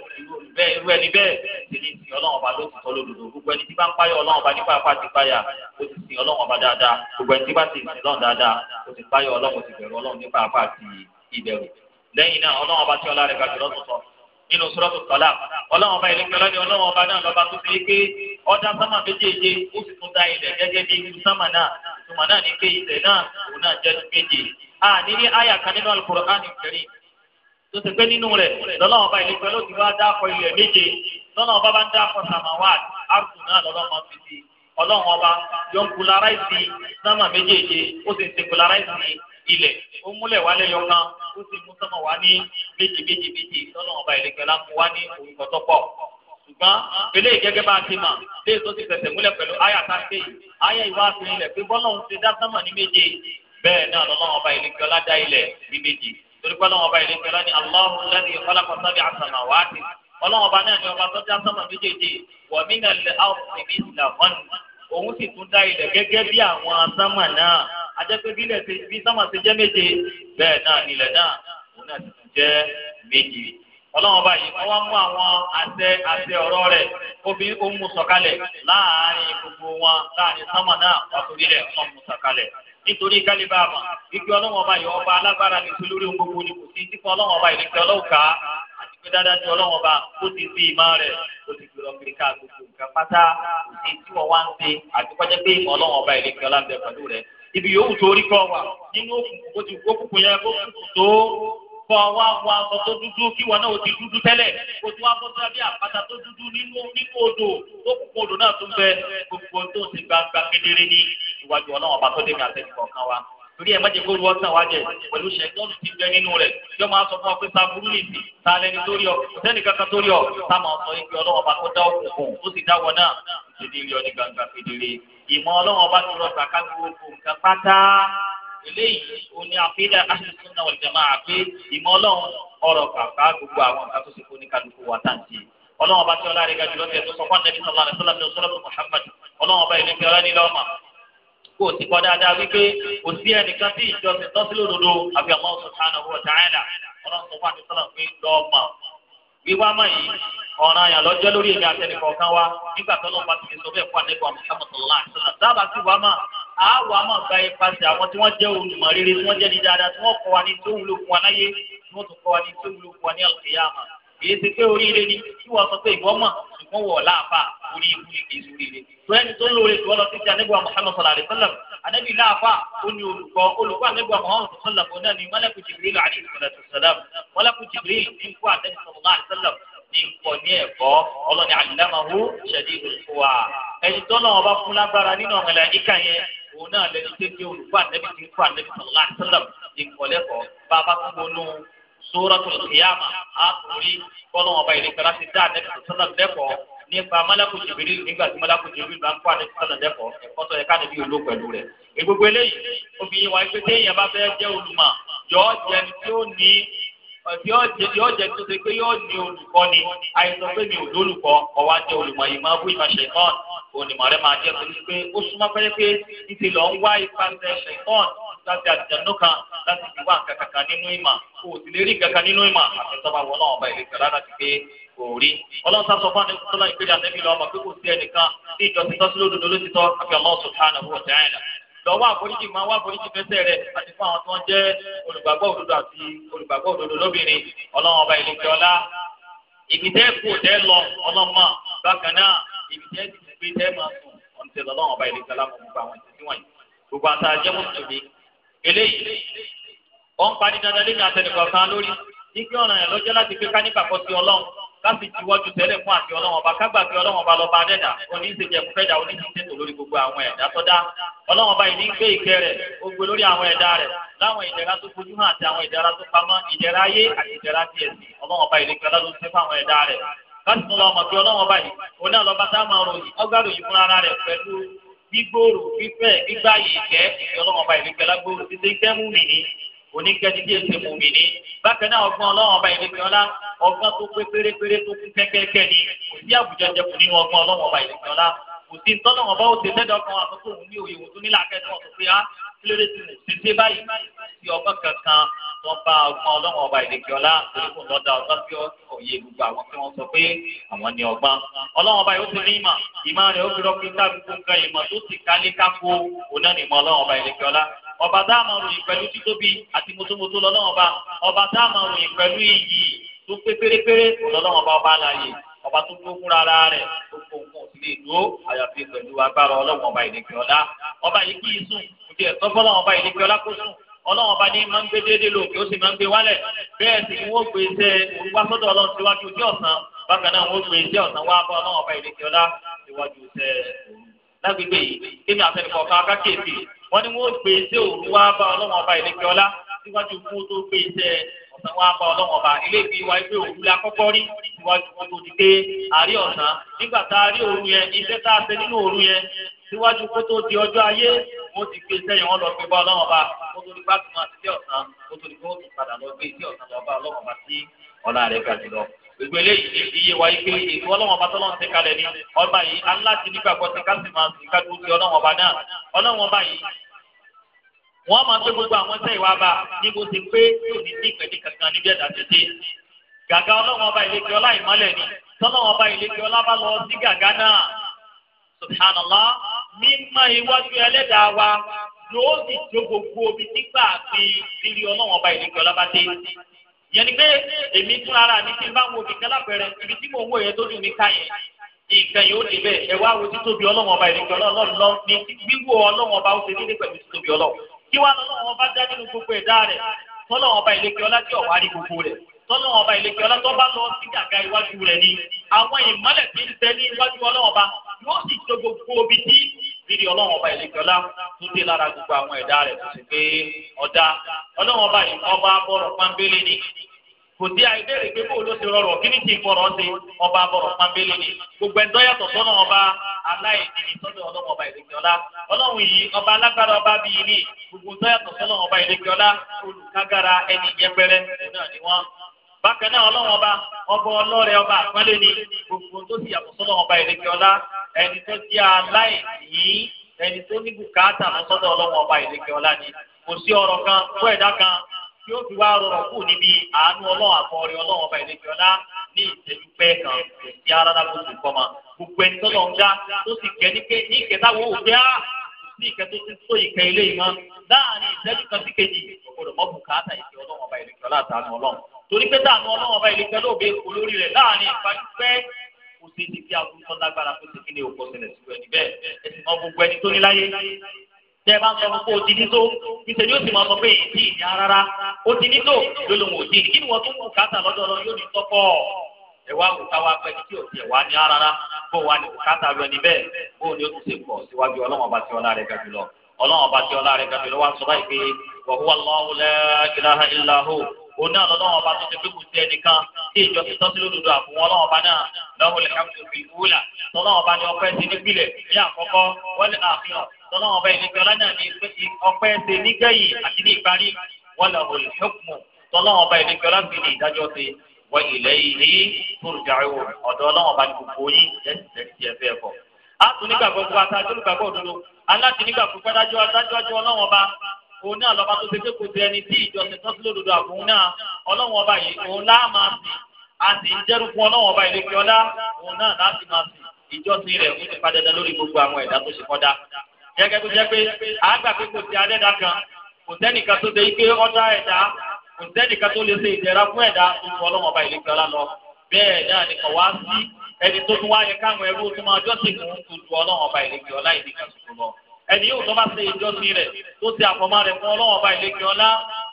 irú ẹni bẹ́ẹ̀ ti ní sin ọlọ́run ọba ló ti tọ́ lódodo gbogbo ẹni tí bá ń páyọ̀ ọlọ́run ọba nípa apá ti páyà ó ti sin ọlọ́run ọba dáadáa gbogbo ẹni tí bá ti sin lọ́run dáadáa ó ti páyọ̀ ọlọ́run ti bẹ̀rù ọlọ́run nípa apá ti ìbẹ̀rù lẹ́yìn náà ọlọ́run ọba tí ọlá rẹ̀ gàdúrà tó sọ nínú sọ́rọ́tù tọ́lá ọlọ́run ọba ìlú pẹ̀lú ọlọ́run ọba náà lọ́ba tó ṣe é pé ọ̀dà sámà méjèèje ó sì tún da ilẹ̀ gẹ́gẹ́ bí irú sámà náà ìtumọ̀ náà ni pé ilẹ̀ náà òun náà jẹ́ méje a ní ní àyà kan nínú Al-Qur'ani Karim tó ti pé nínú rẹ̀ lọ́lọ́run ọba ìlú pẹ̀lú ti wá dáàkọ ilẹ̀ méje lọ́lọ́run ọba bá ń dáàkọ samawat ardu náà lọ́lọ́run ọba ti ọlọ́run ọba yọ̀ǹkùláráìsì sámà méjèèje ó sì ilẹ̀ ó múlẹ̀ wálé yọ kan ó sì mú sọ́mọ̀ wá ní méjì méjì méjì sọ́nà ọba ìlẹ́gbẹ̀ẹ́ lápò wá ní orúkọ tó pọ̀ ṣùgbọ́n eléyìí gẹ́gẹ́ bá a ti mọ̀ léyìí tó ti fẹsẹ̀ múlẹ̀ pẹ̀lú àyà tá a ṣe yìí àyà ìwà àti ilẹ̀ pé bọ́lá òun ti dá sọ́mọ̀ ní méje bẹ́ẹ̀ náà lọ́lọ́wọ́ ọba ìlẹ́gbẹ̀ẹ́ ọlá dá ilẹ̀ ní méje torí pé ọlọ́wọ́ ọba ìlẹ́gbẹ̀ẹ́ ọlá ní àjẹpẹ́ bílẹ̀ ṣe bí sánmà ṣe jẹ́ méje bẹ́ẹ̀ náà nílẹ̀ náà òun náà ti tún jẹ́ méje ọlọ́run báyìí wọ́n wá mú àwọn àṣẹ àṣẹ ọ̀rọ̀ rẹ̀ kóbi ó mú sọ̀kalẹ̀ láàárín gbogbo wọn láàárín sánmà náà wọ́n torí rẹ̀ wọ́n mú sọ̀kalẹ̀ nítorí kálíbà àmà ike ọlọ́run ọba yìí ọba alágbára ní solórí ohun gbogbo ni kò sí tí kan ọlọ́run ọba yìí lẹ́kẹ́ ọlọ́run ká àti pé dáadáa ju ọlọ́run ọba ó ti fi ìmọ̀ rẹ̀ ó ti gbèrò kiri ká gbogbo nǹkan pátá kò ibi yòówù tó rí kọ́ wa nínú òkùnkùn bó ti wó kùkùn yẹn bó kùkùn tó kọ́ wa wọ aṣọ tó dúdú kí wọn náà ó ti dúdú tẹ́lẹ̀ o tún wá bọ́sọ́ bí àpáta tó dúdú nínú nínú odò tó kùkùn odò náà tó ń bẹ gbogbo tó ti gbangba kedere ní ìwájú ọlọ́run ọba tó dé ní àtẹnukọ̀ọ̀kan wa torí ẹ má jẹ kó ru ọtàn wá jẹ pẹ̀lú ṣẹtọọnù ti bẹ nínú rẹ yọ máa sọ fún ọ pé ta burú nìsí ta lẹni torí ọ sẹni kankan torí ọ tá máa sọ ibi ọlọ́wọ́ bá kó dá òkùnkùn ó sì dá wọn náà ìṣèlérí ọ ní gbangba kedere ìmọ̀ ọlọ́run ọba tó lọ sàkà gbogbo nǹkan pátá eléyìí ó ní àfihàn àṣìṣúná wal jamaa pé ìmọ̀ ọlọ́run ọ̀rọ̀ kàkà gbogbo àwọn nǹkan tó sì kó ní kálukú wa tàǹtì ọlọ́run ọba tí ọlá rẹ̀ ga jùlọ tó sọ fún anabi sallallahu alaihi wasallam sọlọ́mù muhammad ọlọ́run ọba ìlú ìfẹ́ra ti kọ́ dáadáa wípé kò sí ẹnìkan tí ìjọsìn tọ́sílódodo àfi Allah subhanahu wa ta'ala ọlọ́run sọ fún anabi sallallahu alaihi wasallam pé wíwá mọ̀ yìí ọ̀ràn àyàn lọ́jọ́ lórí èmi àtẹnìkọ̀ọ̀kan wa nígbà tó lọ́nà pàtàkì sọ bẹ́ẹ̀ fún àdébọ̀ Muhammad sallallahu alaihi wasallam sábà sí wa máa á wà máa gba ipasẹ̀ àwọn tí wọ́n jẹ́ olùmọ̀ rere tí wọ́n jẹ́ ní dáadáa tí wọ́n kọ́ wa ní tó ń fún wa láyé tí wọ́n tún kọ́ wa ní tó ń fún wa ní àlùkìyàmà kì í ṣe pé oríire ni kí wọ́n sọ pé ìwọ́n mọ̀ wọn wọ láàfà orí ikú kìkì sórí rẹ tó ẹni tó lóore tó lọ títí anagba muhammed sallallahu alayhi wa sallam anabi láàfà ó ní olùkọ́ olùkọ́ anagba muhammed sallallahu alayhi wa sallam ní malaku jibril alayhi sallam malaku jibril ní kó anabi sallallahu alayhi wa sallam ní kọ́ ní ẹ̀kọ́ ọlọ́ni alamahu shadidul quwa ẹni tó lọ́wọ́ bá fún lágbára nínú ọ̀rẹ́lẹ̀ ìkà yẹn òun náà lẹni tó ké olùkọ́ anabi ti kó suratul qiyama àkùrí kọ́lọ́ wọn bá ìlú kẹlá ti dá àdẹ́bí sọ́nà lẹ́kọ̀ọ́ nípa mọ́lẹ́kù jìbìrì nígbà tí mọ́lẹ́kù jìbìrì bá ń kó àdẹ́bí sọ́nà lẹ́kọ̀ọ́ ẹ̀kọ́ tó yẹ ká níbi olú pẹ̀lú rẹ̀. ìgbogbo eléyìí obìnrin wa pé téèyàn bá fẹ́ jẹ́ olùmọ̀ yọ̀ọ́ jẹ́ tí ó ní yọ̀ọ́ jẹ́ tó ṣe pé yọ̀ọ́ ní olùkọ́ ni àìsàn pé mi ò lólùkọ́ ọ̀wá jẹ́ olùmọ̀ yìí máa bú ìmọ̀ ṣẹ̀tọ́n onímọ̀ rẹ̀ máa jẹ́ pé ó súnmọ́ pẹ́ẹ́pẹ́ ní ti lọ́ọ́ ń wá ipa ṣẹ̀tọ́n láti àjàndó kan láti fi wá nǹkan kankan nínú ìmọ̀ kò sì lè rí kankan nínú ìmọ̀ àtẹ̀sọ́ba wọn náà ọba ìlẹ̀kẹ̀ rárá ti pé kò rí. ọlọ́run sábà fún àdéhùn sọ́lá ìpínlẹ̀ àtẹ́bí lọ ọmọ pé kò sí ẹnìkan ní ìjọsìn tọ́sí lódodo ló ti tọ́ àfi Allah subhanahu wa ta'ala lọ wá àforíjì máa wá àforíjì fẹsẹ̀ rẹ̀ àti fún àwọn tí wọ́n jẹ́ olùgbàgbọ́ òdodo àti olùgbàgbọ́ òdodo lóbìnrin ọlọ́run ọba ìlẹ̀kẹ̀ ọlá ìgbìtẹ́ kù tẹ́ lọ ọlọ́mọ bákan náà ìgbìtẹ́ ti gbogbo àtàjẹ́ mùsùlùmí eléyìí ó ń parí dandan lẹ́nu àtẹnukọ̀ kan lórí ike ọ̀ràn yẹn lọ́jọ́ láti gbé kánífà kọ́ sí ọlọ́run láti juwọ́jú tẹ́lẹ̀ fún àti ọlọ́run ọba kágbà fi ọlọ́run ọba lọ́ba adẹ́dà oníṣèjẹ̀kú fẹ́dà oníṣètò lórí gbogbo àwọn ẹ̀dá tọ́dá ọlọ́run ọba yìí ní gbé ìkẹ́ rẹ̀ ó gbé lórí àwọn ẹ̀dá rẹ̀ láwọn ìdẹ̀ra tó fojú hàn àti àwọn ìdẹ̀ra tó pamọ́ ìdẹ̀ra ayé àti ìdẹ̀ra tiẹ̀ sí ọlọ́run ọba ìlẹ́kẹ́ ọlọ́run ṣe fáwọn ẹ̀dá rẹ̀ láti tún lọ ọmọ pé ọlọ́run ọba yìí òun náà lọ́ba táwọn ọ̀rọ̀ yìí ọgbàdo yìí fúnra rẹ̀ pẹ̀lú gbígbóòrò fífẹ́ gbígbáyé ìkẹ́ ìyọlọ́mọba ìlẹ́kẹ́ lágbóòrò títí ìkẹ́ mú mi ní oníkẹ́ni díẹ̀ ṣe mú mi ní. bákan náà ọgbọ́n ọlọ́run ọba ìlẹ́kẹ́ ọlá ọgbọ́n tó pé pérépéré tó kú kẹ́kẹ́kẹ́ ni kò sí àbùjá jẹkùn nínú ọgbọ́n ọlọ́run ọba ìlẹ́kẹ́ ọlá kò sí tọ́lọ̀ wọn bá ó ti lẹ́dọ̀ kan àkókò òun ní òye òun tó nílà akẹ́kọ̀ọ́ tó pé á ah, kí ló dé ti lè ṣe dé báyìí sí ọgbọ́n kankan wọn bá ọgbọ́n ọlọ́wọ́n ọba ìdèkè ọlá oníkùn lọ́dà ọgbọ́n tí ó òye gbogbo àwọn tí wọ́n sọ pé àwọn ní ọgbọ́n ọlọ́wọ́n ọba yóò ti ní ìmọ̀ ìmọ̀ rẹ̀ ó fi rọ́pí ká gbogbo nǹkan ìmọ̀ tó sì kálé kákó òun náà ní ìmọ̀ ọlọ́wọ́n ọba ìdèkè ọlá ọba tá ròyìn pẹ̀lú títóbi àti mọ́tòmọ́tò lọ́lọ́wọ́n ọba ọba tá ròyìn pẹ̀lú iyì tó pé pérépéré lọ́lọ́wọ́n ọba ọba aláyè ọba tó tó fúnra ara rẹ̀ tó kó nǹkan òsì lè dúró àyàfi pẹ̀lú agbára ọlọ́wọ́n ọba ìlẹ́kẹ̀ ọ̀la ọba yìí kì í sùn kùtì ẹ̀tọ́ fọlọ́wọ́n ọba ìlẹ́kẹ̀ ọ̀la kó sùn ọlọ́wọ́n ọba ní máa ń gbé déédéé lòkè ó sì máa ń gbé wálẹ̀ bẹ́ẹ̀ sì ni wọ́n gbé iṣẹ́ olùwàsọ́dọ̀ ọlọ́run síwájú ojú ọ̀sán bákan náà wọ́n gbé iṣẹ́ ọ̀sán wá bá ọlọ́wọ́n ọba ìlẹ́kẹ̀ ọ̀la síwájú iṣẹ́ òru lágbègbè yìí kémi àtẹnukọ̀ kan akákèéfì wọ́n ní wọ́n gbé iṣẹ́ òru wá bá ọlọ́wọ́n ọba ìlẹ́kẹ̀ ọ̀la síwájú fún tó gbé iṣẹ́ ọ̀sán wá bá ọlọ́wọ́n ọba ilé ìgbìmọ̀ síwájú kó tó di pé àárẹ̀ ọ̀sán nígbà tá a rí òru yẹn iṣẹ́ tá a ṣe nínú òru yẹn síwájú kó tó di ọjọ́ ayé wọ́n ti gbé sẹ́yìn wọn lọ gbé bá ọlọ́wọ́n bá kó tó di bákan máa ṣiṣẹ́ ọ̀sán kó tó di pé ó tún padà lọ gbé iṣẹ́ ọ̀sán lọ bá ọlọ́wọ́n bá sí ọ̀la rẹ̀ ga jùlọ. gbogbo eléyìí iye wa ike ètò ọlọ́wọ́n bá tọ́lọ́n ti kalẹ̀ ni ọba yìí aláti nígbàgbọ́ ti ká sì máa wọ́n máa tó gbogbo àwọn sẹ́yìn wa bá níbo ti pé yóò ní sí ìpẹ́ẹ́lí kankan níbi ẹ̀dá tètè gàgà ọlọ́wọ́n ọba ìlẹ́kẹ́ ọlá ìmọ́lẹ̀ ni tọ́lọ́wọ́n ọba ìlẹ́kẹ́ ọlá bá lọ sí gàgà náà subhanallah mímọ́ iwájú ẹlẹ́dàá wa yóò sì jó gbogbo omi nígbà pé lílí ọlọ́wọ́n ọba ìlẹ́kẹ́ ọlá bá dé yẹn ni pé èmi fún ara mi ti bá wo nìkan lápẹẹrẹ ibi tí mò ń wò yẹn tó dùn mí ká yẹn nǹkan yóò dé bẹ́ẹ̀ ẹ wá wo títóbi ọlọ́wọ́n ọba ìlẹ́kẹ́ ọlọ́run lọ ní wíwò ọlọ́wọ́n ọba ó ṣe nílé pẹ̀lú títóbi ọlọ́run kí wá lọ́wọ́n ọba dá tọ́lọ́wọ́n ọba ìlẹ́kẹ́ ọlọ́tọ́ bá lọ sí gàgà iwájú rẹ̀ ni àwọn ìmọ́lẹ̀ tí ń tẹ ní iwájú ọlọ́wọ́n ọba yóò sì tó gbogbo omi tí rírì ọlọ́wọ́n ọba ìlẹ́kẹ́ ọlá tó dé lára gbogbo àwọn ẹ̀dá rẹ̀ kò sì pé ọ̀dà ọlọ́wọ́n ọba ìkọ́ba bọ̀rọ̀ pọ́nbélé ni kò dé àìbéèrè pé bó ló ti rọrùn kí ni ti kọrọ ṣe ọba bọ̀rọ̀ pọ́nbélé ni gbogbo ẹ̀dọ́ yàtọ̀ sọ́nà ọba aláìní sọ́dọ̀ ọlọ́run ọba ìlẹ́kẹ̀ọ́lá ọlọ́run yìí ọba alágbára ọba bíi ní gbogbo ẹ̀dọ́ yàtọ̀ sọ́nà ọba ìlẹ́kẹ̀ọ́lá olùkágara ẹni yẹpẹrẹ náà ni wọ́n bákan náà ọlọ́wọ́n ọba ọba ọlọ́rẹ̀ ọba àpọ́nlé ni gbogbo tó ti yàtọ̀ sọ́lọ́wọ́n ọba ìrèké ọlá ẹni tó jẹ́ aláìní ẹni tó ní bùkátà lọ́sọ́dọ̀ ọlọ́wọ́n ọba ìrèké ọlá ni kò sí ọ̀rọ̀ kan fún ẹ̀dá kan tí ó fi wá rọrọ̀ kù níbi àánú ọlọ́wọ́n àfọ̀rẹ́ ọlọ́wọ́n ọba ìrèké ọlá ní ìtẹ́jú pẹ́ kan kò sí arára kó sì kọ́mọ gbogbo ẹni tó torí pé táàmù ọlọ́wọ́n ọba ìlú pẹ̀lú òbí kò lórí rẹ̀ láàrin ìfàdúpẹ́ kò sí ti fi àbúrò tó lágbára kó sì kí ni òkò ṣẹlẹ̀ sí ẹni bẹ́ẹ̀ ẹ̀sìn mọ gbogbo ẹni tó ní láyé tẹ́ ẹ bá sọ fún kó o ti ní tó níṣẹ́ ni ó sì máa sọ pé èyí tí ìyá rárá ó ti ní tó ló lòun kí ni wọ́n tún kù káàtà lọ́dọ̀ lọ yóò ní tọ́kọ̀ ẹ wá wò káwá pẹ́ ní tí ò ní rárá bó wà ní káàtà lọ ní bẹ́ẹ̀ bó ni ó tún ṣe pọ̀ síwájú ọlọ́wọ́n bá ti ọlá rẹ̀ gàdú lọ ọlọ́wọ́n bá ti ọlá rẹ̀ gàdú lọ wá sọ báyìí pé wàhúwà lọ́wọ́ lẹ́ òun náà lọ́wọ́ ọba tó ti pé kò sí ẹnìkan tí ìjọ ti tọ́ sí lódodo àbùn wọn lọ́wọ́ ọba náà lọ́wọ́ lẹ́kàkùn fi wúlà lọ́wọ́ ọba ni ọpẹ́ ti nípìlẹ̀ ní àkọ́kọ́ wọlé àfihàn lọ́wọ́ ọba ìlú ìjọba náà ni ọpẹ́ ti nígbẹ̀yìn àti ní ìparí wọlé olùsọ́kùnmù lọ́wọ́ ọba ìlú ìjọba fi ní ìdájọ́ ti wọ ilẹ̀ yìí tóòjàwò ọ̀dọ̀ lọ́wọ́ ọba ni gbogbo yín lẹ́sìlẹ́sì ẹ̀fẹ́ ẹ̀fọ́ òun náà lọ́ba tó ṣe pé kò sí ẹni tí ìjọsìn tó sílò lòdò àfòun náà ọlọ́run ọba yìí òun láà máa sìn àti ìjẹ́rùkún ọba ìlẹ́kẹ́ ọlá òun náà láti máa sìn ìjọsìn rẹ̀ ó ti gbogbo àwọn ẹ̀dá tó ṣe kọ́dá. gẹ́gẹ́ tó jẹ́ pé àgbà pé kò kan kò sẹ́nìkan tó ṣe ẹ̀dá kò sẹ́nìkan tó lè ṣe tó ẹni yóò tó bá ṣe ìjọsìn rẹ̀ tó ṣe àfọmọ́ rẹ̀ fún ọlọ́wọ́n ọba ìlẹ́kẹ̀ ọlá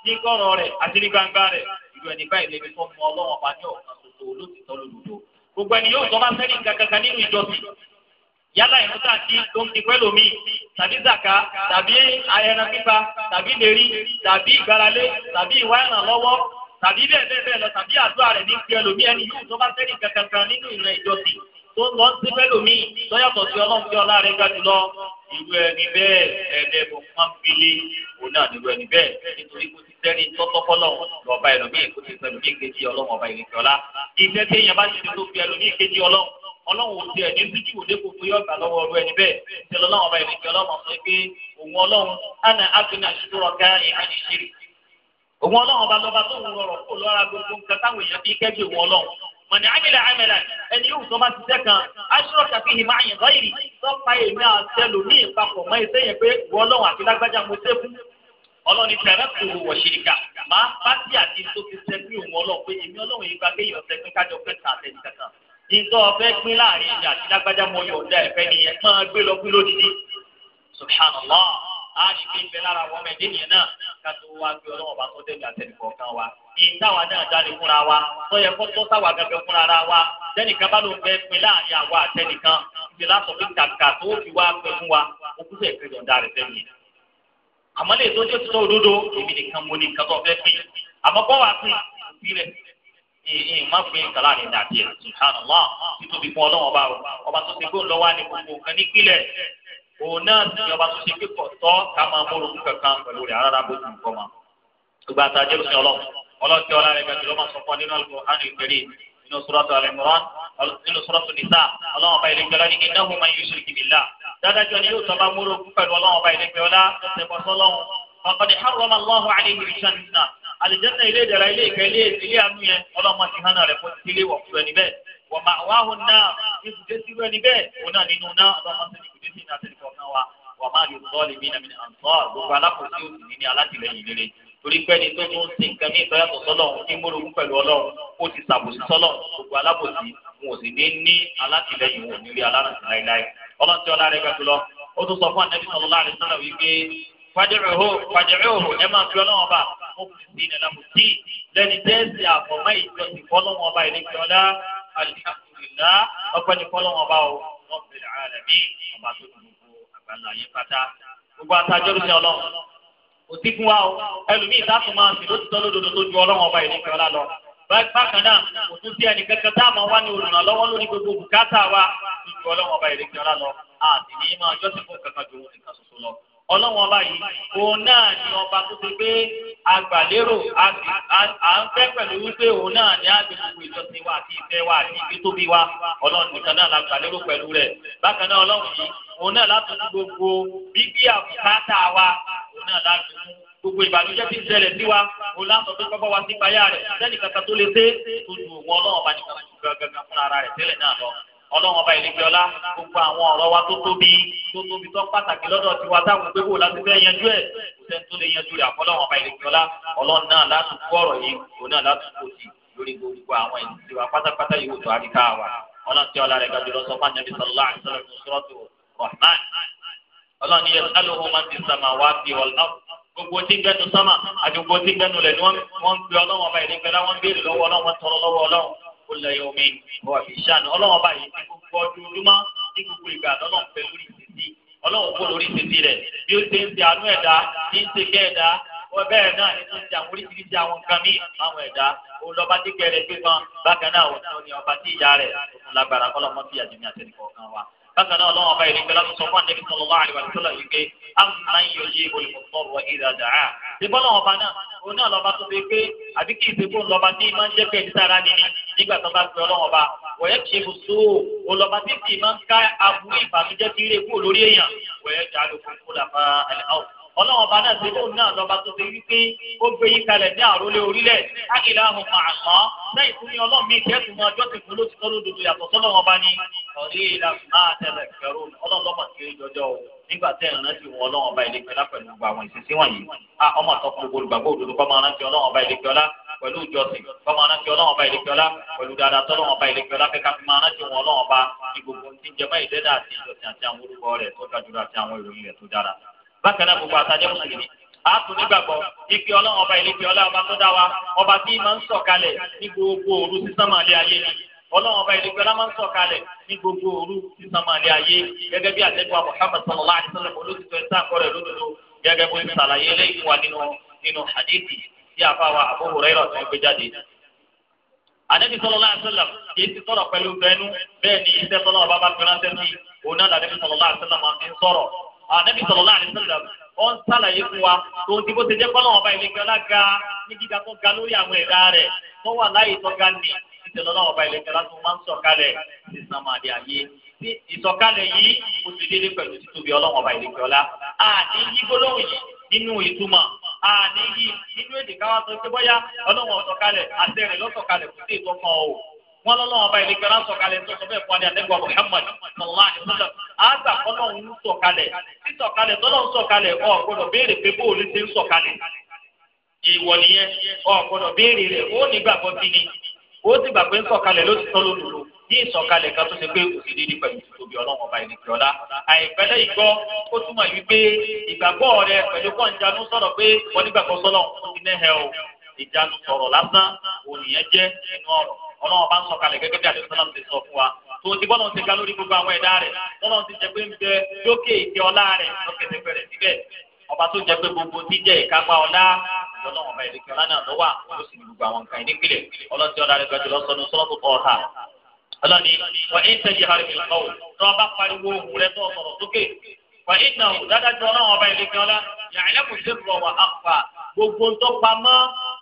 ní kọ̀rọ̀ rẹ̀ àti ní gbangba rẹ̀ ìlú ẹni bá ìlẹ́kẹ̀ tó mú ọlọ́wọ́n ọba ní ọ̀kan ṣoṣo olóòtítọ́ lòdòdó gbogbo ẹni yóò tó bá ṣe ní kankan nínú ìjọsìn yálà ìmúta kí tó ń ti pẹ́ lómi tàbí zaka tàbí ayẹran pípa tàbí lérí tàbí ìgbáralé tàbí ìwá ìrànlọ́wọ́ tàbí bẹ́ẹ̀ bẹ́ẹ̀ bẹ́ẹ̀ lọ tàbí àdúrà rẹ̀ ní pẹ́ lómi ẹni yóò tó bá ṣe ní nínú ìrìn ìjọsìn tó ń lọ sí pẹ́ lómi lọ́yàtọ̀ sí ọlọ́run tí ọlá rẹ̀ ga jùlọ irú ẹni bẹ́ẹ̀ ẹ̀ẹ́dẹ́gbọ̀n pọ́nbílé òun náà nírú ẹni bẹ́ẹ̀ nítorí kó ti sẹ́ni tọ́tọ́kọ́lọ̀ lọ́ba ẹlòmíì kó ti pẹ̀lú ní kejì ọlọ́run ọba ìrètí ọlá iṣẹ́ tí èèyàn bá ti ṣe tó fi ẹlòmíì kejì ọlọ́run ọlọ́run ò tiẹ̀ ní síjú òde gbogbo yóò gbà lọ́wọ́ ọ̀rọ̀ ẹni bẹ́ẹ̀ ṣẹlẹ̀ ọlọ́run ọba ìrètí ọlọ́run sọ ọlọ́run mọ̀nì àmìlà àmìlà ẹni yóò tó máa ṣiṣẹ́ kan aṣọ kàfi hìmá àyìn lọ́yìrì tó pa èmi àtẹlù ní ìpapọ̀ mọ́ iṣẹ́ yẹn pé wọ́n lọ́wọ́ àti lágbájá mo ṣe fún ọlọ́ni tẹ̀rẹ́ kò wò wọ̀ ṣìríkà máa bá sí àti tó fi sẹ́gbẹ́ òun ọlọ́run pé èmi ọlọ́run yìí gba kéèyàn sẹ́gbẹ́ kájọ pé tà àtẹ̀yìn kankan ìtọ́ ọ̀fẹ́ pín láàrin ìyá àti lágbájá mo yọ̀ ọ̀dà ẹ̀fẹ́ nìyẹn máa gbé lọ gbé lódìdí subhanallah á rí bí ń bẹ lára wọn mẹ dénìyàn náà ká tó wá gbé ọlọ́wọ́n bá tó dẹ́gbà tẹnìkọ̀ kan wa ní táwa náà jáde fúnra wa tó yẹ kó tó sáwà gẹ́gẹ́ fúnra ra wa tẹnìkan bá ló fẹ́ pin láàrin àwa àtẹnìkan ìpè lásán fi kàkà tó fi wá pin fún wa òkúta ìpín yọ̀ǹda rẹ̀ sẹ́yìn àmọ́ lè tó jẹ́ tuntun òdodo èmi nìkan mo ní tó fẹ́ pin àmọ́ bọ́ wa pin òfin rẹ̀ ee má fi kàlá rẹ̀ dàbí ẹ̀ subhanallah títóbi fún ọlọ́wọ́n bá ọba tó ti gbóhùn lọ́wọ́ òun náà sì ni ọba tó ṣe kíkọ̀ tọ́ ká máa mú orogún kankan pẹ̀lú rẹ̀ rárá bó ti nǹkan ma. ìgbà tá a jẹ́ òsìn ọlọ́run ọlọ́run tí ọlá rẹ̀ gbẹ̀dẹ̀ ló máa sọ fún ọ nínú Al-Qur'an Al-Karim nínú Suratu Al-Imran nínú Suratu Nisa ọlọ́run ọba ilé gbẹ̀lá ní innahu man yushrik billah dáadájọ́ ni yóò tọ́ba mú orogún pẹ̀lú ọlọ́run ọba ilé gbẹ̀lá ẹsẹ̀ bọ́ sọ́lọ́run faqad harrama Allahu alayhi al-jannah àlìjẹ́nà ilé ìdára ilé ìkẹ́ ilé ilé àánú yẹn ọlọ́run ti hánà rẹ̀ fún ilé wọ́n máa wá òun náà ní kùdé sí irú ẹni bẹ́ẹ̀ òun náà nínú náà ọlọ́mọ sí ní kùdé sí ní àtẹnìkọ̀ kan wa wọ́n máa lè sọ́ọ́ lè mí nàmí àǹtọ́ gbogbo alákòóso òsì ní ní alátìlẹyìn rere torí pé ẹni tó tún ṣe nǹkan ní ìtọ́yàtọ̀ sọ́lọ́run ní mórogún pẹ̀lú ọlọ́run ó ti ṣàbòsí sọ́lọ́run gbogbo alábòsí wọn ò sì ní ní alátìlẹyìn wọn ní rí alárànṣẹ́ láéláé ọlọ́run tí ọlá rẹ̀ gbẹ jùlọ ó tún sọ fún ànábì sallallahu alaihi wasallam wípé fàjẹrẹhó fàjẹrẹhó ẹ máa fi ọlọ́run ọba mo fi sí ilẹ̀ lámùtí lẹ́ni tẹ́sí àfọ̀mọ́ ìjọsìn alihamudulila ọpẹ́ ní fọlọ́wọn ọba o wọn bẹ̀rẹ̀ ara rẹ̀ mí ọba tó dùn kó àgbàlá yẹn pátá gbogbo àtàjọ ló ti ọlọ́run òtíkun wa o ẹlòmíì sáfù máa sì lótìtọ́ lódodo tó ju ọlọ́run ọba yìí nífẹ̀ẹ́ ọlá lọ bákan náà kò tún sí ẹnì kankan tá a máa wá ní olùrànlọ́wọ́ lórí gbogbo bùkátà wa tó ju ọlọ́run ọba yìí nífẹ̀ẹ́ ọlá lọ àti ní máa jọ́sìn fún kankan ju òun nìkan lọ ọlọ́wọ́n ọba yìí òun náà ni ọba tó ti gbé agbàlérò à ń fẹ́ pẹ̀lú wípé òun náà ni àgbẹ̀gbogbo ìjọsìn wa àti ìfẹ́ wa àti ìfi tóbi wa ọlọ́run nìkan náà la gbàlérò pẹ̀lú rẹ̀ bákan náà ọlọ́run yìí òun náà láti ní gbogbo bíbí àbùkátà wa òun náà láti mú gbogbo ìbànújẹ́ tí ń ṣẹlẹ̀ sí wa òun láti ọ̀gbẹ́ pápá wa sí payá rẹ̀ sẹ́nìkan tó lè dé tó ju òun ọlọ́run ọba nìkan ọlọ́run ọba ìlẹ́gbẹ́ ọlá gbogbo àwọn ọ̀rọ̀ wa tó tóbi tó tóbi tó pàtàkì lọ́dọ̀ tiwa táwọn gbégbó láti fẹ́ yanjú ẹ̀ kò sẹ́ni tó lè yanjú rẹ̀ àfọlọ́run ọba ìlẹ́gbẹ́ ọlá ọlọ́run náà láti kú ọ̀rọ̀ yìí òun náà láti kú òsì lórí gbogbo àwọn ìdílé wa pátápátá yìí wòtò àríká wa ọlọ́run tí ọlá rẹ̀ ga jùlọ sọ fún àjẹbí sọlá àti gbogbo tí gbẹnu sámà àti gbogbo tí gbẹnu lẹ ni wọn gbé ọlọ́run ọba ìdígbẹlá wọn ń béèrè lọ́wọ́ wọn tọrọ lọ́wọ́ ọlọ́run kulla yawmin huwa fi shan ọlọ́wọ́n báyìí ní gbogbo ọdún ojúmọ́ ní gbogbo ìgbà lọ́nà pẹ̀ lórí ìṣèṣì ọlọ́wọ́n kó lórí ìṣèṣì rẹ̀ bí ó ṣe ń ṣe àánú ẹ̀dá ní ṣe kẹ́ ẹ̀dá wọ́n bẹ́ẹ̀ náà ní ṣe àwọn oríṣiríṣi àwọn nǹkan míì àwọn ẹ̀dá òun lọ́ba tí kẹrẹ gbé kan bákan náà òun ni ọba tí ìyá rẹ̀ lágbára kọ́lọ́mọ́ fi àjẹmí àtẹnìkọ̀ọ̀kan wa bákan náà lọ́wọ́ ọba ìrìnkẹ́ láti sọ fún àdébí sọlọ́lá àríwá ìṣọ́lá yìí pé àmà yóò yé olùkọ́ wọ ìdájà á. ṣùgbọ́n lọ́wọ́ ọba náà òun náà lọ́ba tó ṣe pé àbí kí ìṣègùn lọ́ba ní máa ń jẹ́ pé ìdí nígbà tó bá pe ọlọ́wọ́n bá wọ̀nyẹ́ ṣe bùsù olọ́ba títì máa ń ká aburú ìbànújẹ́ tí rí ekú lórí èèyàn wọ̀nyẹ́ jà lóko kó làbá àlẹ́ àwọn ọlọ́run ọba náà ṣe fóun náà lọ́ba tó ṣe wípé ó gbé yín kalẹ̀ ní àrólé orílẹ̀ ákìlá ahùn màmá lẹ́yìn tó ní ọlọ́run mi kẹ́sùn mọ́ ọjọ́ tìkú ló ti tọ́ lódodo yàtọ̀ sọ́lọ́run ọba ní ọ̀rí ìlà máa tẹ̀lẹ̀ kẹrù ọlọ́run lọ́mọ kiri jọjọ o nígbà tẹ́ ìrántí wọn ọlọ́run ọba ìlẹ́kẹ̀ọ́lá pẹ̀lú gbogbo àwọn ìṣesí wọ̀nyí a ọmọ àtọkùn gbogbo olùgbàgbọ́ òdodo kọ́ máa rántí ọlọ́run ọba ìlẹ́kẹ̀ọ́lá pẹ̀lú ìjọsìn kọ́ máa rántí ọlọ́run ọba ìlẹ́kẹ̀ọ́lá pẹ̀lú dáadáa tọ́lọ́run ọba ìlẹ́kẹ̀ọ́lá fẹ́ ká fi máa rántí wọn ọlọ́run ọba ní gbogbo tí ń jẹ mọ́ ìdẹ́dà àti ìjọsìn àti àwọn orúkọ rẹ̀ tó dájú àti àwọn ìròyìn rẹ̀ tó dára bákan náà gbogbo àtàjẹ́ mùsùlùmí àtún nígbàgbọ́ ìpè ọlọ́run ọba ìlẹ́pẹ̀ ọlá ọba tó dá wa ọba tí máa ń sọ̀kalẹ̀ ní gbogbo òru sísánmà lé ayé ni ọlọ́run ọba ìlẹ́pẹ̀ ọlá máa ń sọ̀kalẹ̀ ní gbogbo òru sísánmà lé ayé gẹ́gẹ́ bí àtẹ́gbà Muhammad sallallahu alayhi wa sallam olóṣèlú ẹ̀ sáà kọ́rẹ̀ lódodo gẹ́gẹ́ bó ń ṣàlàyé eléyìí wa nínú nínú hadithi tí a fa wa Abu Hurairah tó ń gbé jáde. Ànábì sallallahu alayhi wa sallam kì í ti sọ̀rọ̀ pẹ̀lú bẹ́ẹ̀nu bẹ́ẹ̀ ni iṣẹ́ sọlọ́wọ́ bá bá fi ránṣẹ́ sallallahu alayhi wa sallam máa ànábì sallallahu alaihi wasallam ó ń sàlàyé fún wa tòun ti bó ṣe jẹ́ kọ́nà ọba ìlẹ́gbẹ́ ọlága ní gíga tó ga lórí àwọn ẹ̀dá rẹ̀ tó wà láàyè tó ga ní ìtẹ̀lọ́lá ọba ìlẹ́gbẹ́ láti máa ń sọ̀kalẹ̀ sí sàmàdì ayé tí ìsọ̀kalẹ̀ yìí ó ti dédé pẹ̀lú títóbi ọlọ́wọ́n ọba ìlẹ́gbẹ́ ọlá àní yí gbólóhùn yìí nínú ìtumọ̀ àní yí nínú èdè káwá sọ pé bóyá ọlọ́wọ́n ọ̀sọ̀kalẹ̀ àtẹ̀rẹ̀ lọ́sọ̀kalẹ̀ kò wọn lọ́nà ọba ìlẹ́gbẹ̀rẹ́ àsọ̀kalẹ̀ tó sọ bẹ́ẹ̀ fún adéwà Muhammad sallallahu alayhi wa sallam àgbà kọ́nà ń sọ̀kalẹ̀ sísọ̀kalẹ̀ tọ́nà ń béèrè pé bóòlù ti ń ìwọ nìyẹn béèrè ó ní ni ó ti ń ló ti ní kan tó ṣe pé òsì dídí tóbi ọba ìrìnkì ó wípé rẹ pé o lásán inú ọlọ́run bá ń sọ̀kalẹ̀ gẹ́gẹ́ bí àdìsọ́nà ti sọ fún wa tó ti bọ́lọ̀ ti ga lórí gbogbo àwọn ẹ̀dá rẹ̀ bọ́lọ̀ ti jẹ pé ń bẹ lókè ìtẹ́ ọlá rẹ̀ lókè tẹgbẹ́ rẹ̀ síbẹ̀ ọba tó jẹ pé gbogbo jíjẹ ìkápá ọlá ọlọ́run ọba ìdíkẹ́ ọlá náà lọ́wọ́ ó sì gbogbo àwọn nǹkan ìdíkìlẹ̀ ọlọ́tí ọ̀dà rẹ̀ gbàdúrà sọnù sọ́ọ̀tù ọ̀tà ọlọ́ni wọ́n ń tẹ̀jì hàrì mi lọ́wọ́ tó ọba pariwo òhun rẹ̀ tó sọ̀rọ̀ sókè wọ́n ń nà ó dádájọ́ ọlọ́run ọba ìdíkẹ́ ọlá yàrá kò sí rọ̀ wà á fà gbogbo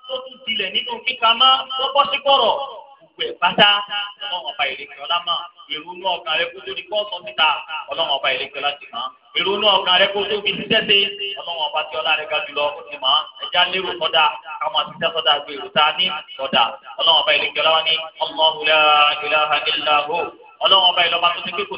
tún tilẹ̀ nínú kíkà tó bọ́ sí kọ̀rọ̀ gbogbo ẹ̀ pátá ọlọ́run ọba ìlẹ̀kẹ̀ ọlá mọ̀ ìrònú ọkàn rẹ kó tó di kọ́ọ̀sán níta ọlọ́run ọba ìlẹ̀kẹ̀ ọlá ti mọ̀ ìrònú ọkàn rẹ kó tó fi ṣiṣẹ́ ṣe ọlọ́run ọba tí ọlá rẹ ga jùlọ ó ti mọ̀ ẹja lérò sọ́dà káwọn àtijọ́ sọ́dà gbé ìrúta ní sọ́dà ọlọ́run ọba ìlẹ̀kẹ̀ ọlá wa ní Allahu la ilaha illa hu ọlọ́wọ́n ọba ìlọ́ba tó ti pé kò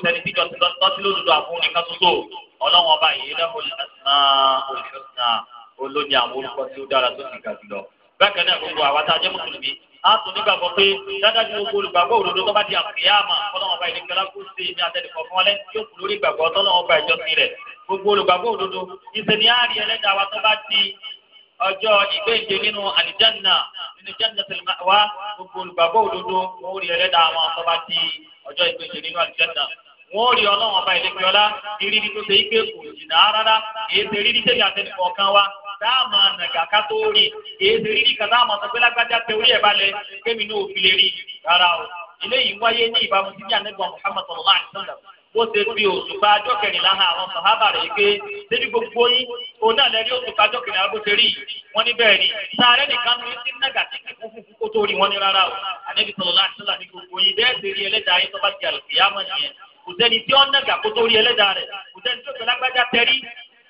sẹ́ni tíjọ ti a tún nígbàgbọ́ pé dáadáa ju gbogbo olùgbàgbọ́ òdodo tó bá di àkìyàmà ọlọ́run ọba ìdíkẹ́ lákòó sí èmi àtẹnìkọ̀ fún ọlẹ́ yóò kú lórí ìgbàgbọ́ tọ́lọ́run ọba ìjọsìn rẹ̀ gbogbo olùgbàgbọ́ òdodo ìṣẹ̀ni àárí ẹlẹ́dàá wa tó bá di ọjọ́ ìgbéǹde nínú àlìjánná nínú jannatul ma'wa gbogbo olùgbàgbọ́ òdodo wọn ò rí ẹlẹ́dàá wọn tó bá di ọjọ́ ìgbéǹde nínú àlìjánná wọn ò rí ọlọ́run ọba ìdíkẹ́ ọlá ìrírí tó ṣe é gbé kò jìnnà rárá èyí ṣe rírí tẹ̀lé àtẹnìkọ̀ kan wa dáàmà nàgà ká tó rí èdè rírì kan dáàmà sọ pé lágbájá tẹ orí ẹ̀ balẹ̀ kémi náà òfin lè rí rárá o eléyìí wáyé ní ìbámu sí ní anagba Muhammad sallallahu alaihi wasallam bó ṣe fi òṣùpá ajọ́ kẹrìnlá hàn àwọn sàhábà rẹ̀ pé débi gbogbo yín òun náà lẹ́rí òṣùpá ajọ́ kẹrìnlá ṣe rí wọ́n ní bẹ́ẹ̀ ni sáré nìkan ní sí nàgà tí kìkú fúnfún kó tó rí wọ́n ní rárá o Ànábì sallallahu alaihi wasallam ní gbogbo yín bẹ́ẹ̀ ṣe rí ẹlẹ́dàá yín tó bá ti àlùkìyámọ̀ nìyẹn kò sẹ́ni tí ó ń nàgà kó tó rí ẹlẹ́dàá rẹ̀ kò sẹ́ni tó gbẹlágbájá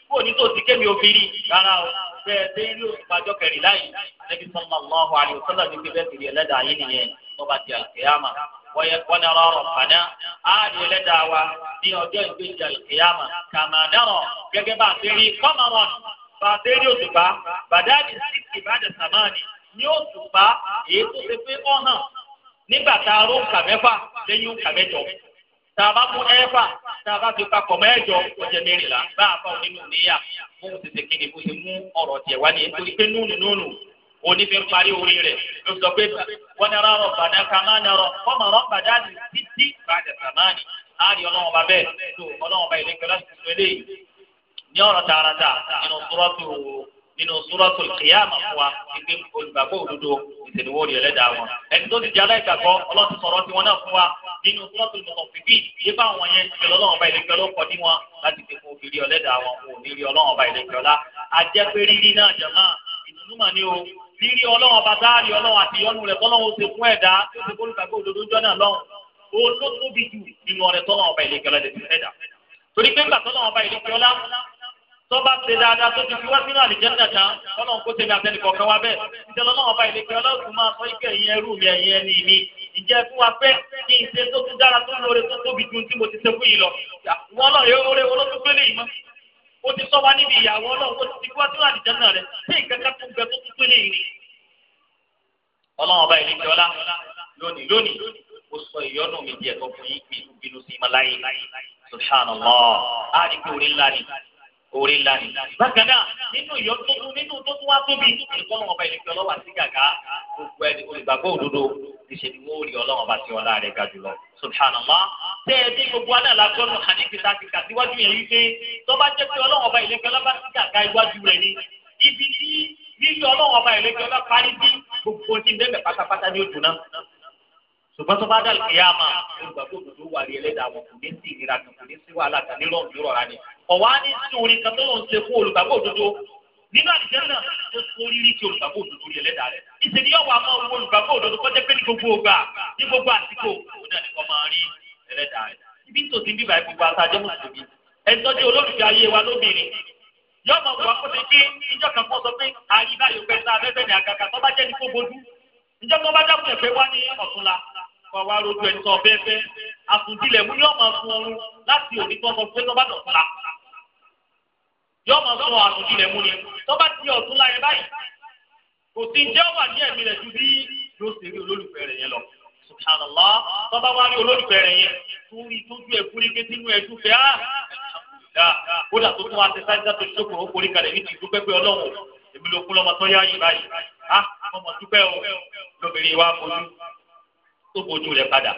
kó o ní tó ti kémi òfin rí rárá o bẹ́ẹ̀ dé rí òṣùpá ọjọ́ kẹrìnlá yìí Ànábì sallallahu alaihi wasallam ní pé bẹ́ẹ̀ ti rí ẹlẹ́dàá yín nìyẹn tó bá ti àlùkìyàmà wọ́n yẹra ọ̀rọ̀ padà á rí ẹlẹ́dàá wa ní ọjọ́ ìgbésí àlùkìyàmà kàmádàrọ̀ gẹ́gẹ́ bá a ti rí kọ́mọ̀rọ̀n bá a ti rí òṣùpá bàdáàdì sí ìbàdàn sàmáàni ní òṣùpá èyí tó ṣe pé ọ̀nà nígbà tá a ró kàmẹ́fà lẹ́yìn kàmẹ́jọ tàbá mú ẹ̀fà tàbá fi papọ̀ mẹ́jọ ọjọ́ mẹ́rìnlá bá a fọ nínú níyà fún tètè kí ni bó ṣe mú ọ̀rọ̀ tiẹ̀ wá ní nítorí pé núùnù núùnù òní fi ń parí orí rẹ̀ ló sọ pé wọ́n nara rọ̀ bàdá kàmá narọ̀ wọ́n mọ̀ rọ̀ bàdá ní títí bàdá sàmánì á rí ọlọ́wọ́n bá bẹ́ẹ̀ tó ọlọ́wọ́n bá ilé nínú suratul qiyama fún wa pípé olùgbàgbọ́ òdodo ìṣèlúwọ́ rí ẹlẹ́dàá wọn. ẹni tó ti di aláìgbàgbọ́ ọlọ́run ti sọ̀rọ̀ tiwọn náà fún wa nínú suratul mutaffifin nípa àwọn yẹn ìṣẹ̀lẹ̀ ọlọ́run ọba ìlẹ̀kẹ́ ló kọ́ níwọn láti fi fún òfìrí ẹlẹ́dàá wọn fún òníri ọlọ́run ọba ìlẹ̀kẹ́ ọlá. àjẹpẹ́ rírí náà jàmá ìdùnnúmọ̀ ni o rírí ọlọ́run ọba dáàrí ọlọ́run àti ìyọnu rẹ̀ bọ́lọ́run ó ṣe fún ẹ̀dá tọ́ba ṣe dáadáa tó ti fi wá sínú àlìjẹ́ńdà tán ọlọ́run kó tẹ̀lé àtẹnìkọ̀ kan wá bẹ́ẹ̀ ǹjẹ́ lọ́lọ́run ọba ìlẹ́kẹ́ ọlọ́run máa sọ ike ẹ̀yìn ẹrú mi ẹ̀yìn ẹni mi ǹjẹ́ fún wa pé kí n ṣe tó tún dára tó lóore tó tóbi ju tí mo ti ṣe fún yìí lọ wọn náà yóò rẹ olótún pélé yìí mọ́ ó ti sọ wá níbi ìyàwó ọlọ́run ó ti fi wá sínú àlìjẹ́ńdà rẹ̀ ṣé nǹkan ká tún gbẹ tó tún pélé subhanallah á rí pé orí orí ńlá ni. bákan náà nínú ìyọ́ tó tún nínú tó tún wá tóbi ìfọ̀rọ̀ ọba ìlẹ̀kẹ́ ọlọ́wà sí gàgá gbogbo ẹni olùgbàgbọ́ òdodo níṣẹ́ ni wọ́n rí ọlọ́wọ́n bá ti ọlá rẹ̀ ga jùlọ. subhanallah tẹ́ ẹ bí gbogbo adá lásán hadithi ta ti kà síwájú yẹn wípé tó bá jẹ́ pé ọlọ́wọ́n ọba ìlẹ̀kẹ́ ọlọ́wà sí gàgá iwájú rẹ̀ ni ibi tí níbi ọlọ́wọ́n ọba ìlẹ̀kẹ́ ọlọ́wà parí bí gbogbo ti bẹ́ẹ̀ pátápátá ni ó dùn náà ṣùgbọ́n tó bá dàlùkì yá máa olùgbàgbọ́ òdodo wà rí ẹlẹ́dàá wọn kò ní sí ìnira kò ní sí wàhálà kan nírọ̀ nírọ̀ rà ni ọ̀wá ní sínú orin kan tó ń ṣe fún olùgbàgbọ́ òdodo nínú àdìjẹ́ náà tó tó rírí ti olùgbàgbọ́ òdodo rí ẹlẹ́dàá rẹ̀ ìṣe ni yọ̀wọ̀ àmọ́ owó olùgbàgbọ́ òdodo kọ́ jẹ́ pé ní gbogbo ògbà ní gbogbo àsìkò òun náà ni kò máa rí ẹlẹ́dàá rẹ̀ ibi tó ti ń bíbá gbogbo àtàjọ́ mùsùlùmí ẹ̀ńtọ́jú olólùfẹ́ ayé wa lóbìnrin yọ̀mọ̀ wà kó ti gbé ìjọ kan fún sọ pé àyíká yorùbá ẹ̀ta abẹ́fẹ́ ní àgàgà tó bá jẹ́ ní ẹ̀ sọ bẹ́ẹ̀ fẹ́ àtúndílẹ̀ mú yọ̀mọ̀ fún ọrùn láti òní tó sọ pé tó bá la yóò máa sọ àrùn jùlẹ̀ mú ni tó bá ti ọ̀tún láyé báyìí kò sí jẹ́ wà ní ẹ̀mí rẹ̀ ju bí yóò ṣe rí olólùfẹ́ rẹ̀ yẹn lọ subhanallah tó bá wá rí olólùfẹ́ rẹ̀ yẹn tó rí tójú ẹ̀ kúrí pé sínú ẹ̀ dúfẹ́ á ó dà tó tún wá ṣe sáyẹ́dá tó ṣókò ó forí kalẹ̀ ní ti dúpẹ́ pé ọlọ́run èmi ló kún lọ́mọ tó yá yìí báyìí á ah, ọmọ dúpẹ́ o lóbìnrin wa fojú tó fojú rẹ̀ padà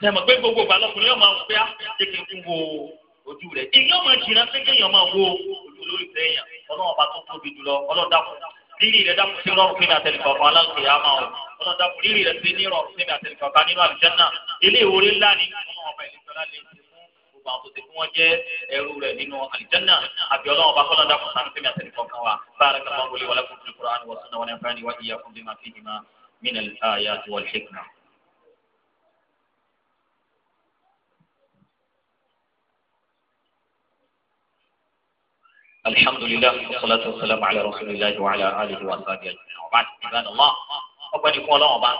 tẹmọ pé gbogbo ìgbà lọkùnrin yóò máa wọ pé á ah, jẹ́ kí n tún wo ojú rẹ̀ èyí yóò máa pé kéèyàn máa wo kù lórí ìfẹ́ yẹn ọlọ́run bá tó tóbi jùlọ ọlọ́run dàpọ̀ rírì rẹ̀ dàpọ̀ sí rọrùn fún mi àtẹnìkọ̀ọ̀kan aláǹkè àmà o ọlọ́run dàpọ̀ rírì rẹ̀ sí ní rọrùn fún mi àtẹnìkọ̀ọ̀kan nínú àlùjánnà ilé ìwòrí ńlá ni ọlọ́run ọba ìlẹ̀kọ̀ọ́lá lè ṣe gbogbo àwọn tó ti fún wọn jẹ ẹrú rẹ nínú àlìjánná àbí ọlọ́wọ́n bá kọ́lá dàpọ̀ sànú fẹ́mi àtẹnì wa báyìí kan máa ń wọlé wọlé fún fúlùkùrọ̀ àni الحمد لله والصلاة والسلام على رسول الله وعلى آله وصحبه أجمعين وبعد عباد الله أقبل يكون الله وبعد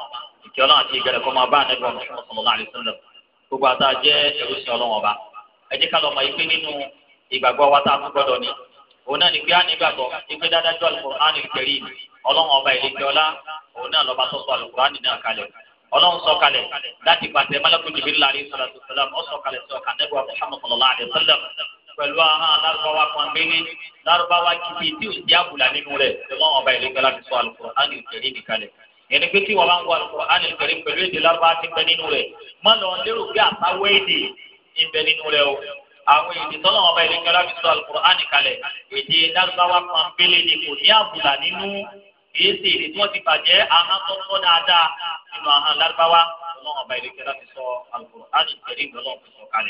kí ọlọ́run àti ìgbẹ́rẹ́ kọ́ máa bá ànágbà Muhammad sallallahu alaihi wasallam gbogbo àtà jẹ́ ẹrú sí ọlọ́run ọba ẹ jẹ́ ká lọ́ọ́ máa yí pé nínú ìgbàgbọ́ wa tá a tún gbọ́dọ̀ ni òun náà ní pé ànígbàgbọ́ ìpè dáadáa jọ Al-Qur'an Al-Karim ọlọ́run ọba ìlẹ́kẹ́ ọlá òun náà lọ́ba tó sọ Al-Qur'an náà kalẹ̀ ọlọ́run sọ kalẹ̀ láti pàṣẹ malakul Jibril alayhi salatu wasalam ọ sọ kalẹ̀ sọ kànẹ́gbà Muhammad sallallahu alaihi wasallam pẹ̀lú àwọn alárúbáwá pọ̀nbíní lárúbáwá kìkì tí ò jẹ́ àbùlà nínú rẹ̀ lọ́wọ́ ọba ìlú gbọ́dọ̀ fi sọ Al-Qur'an al-Karim nìkalẹ̀ ẹni pé tí wọ́n bá ń wọ Al-Qur'an al-Karim pẹ̀lú èdè lárúbáwá ti bẹ nínú rẹ̀ má lọ lérò pé àtàwọ̀ èdè ń bẹ nínú rẹ̀ o àwọn èdè tọ́lọ̀ ọba ìlú gbọ́dọ̀ sọ Al-Qur'an nìkalẹ̀ èdè lárúbáwá pọ̀nbíní ni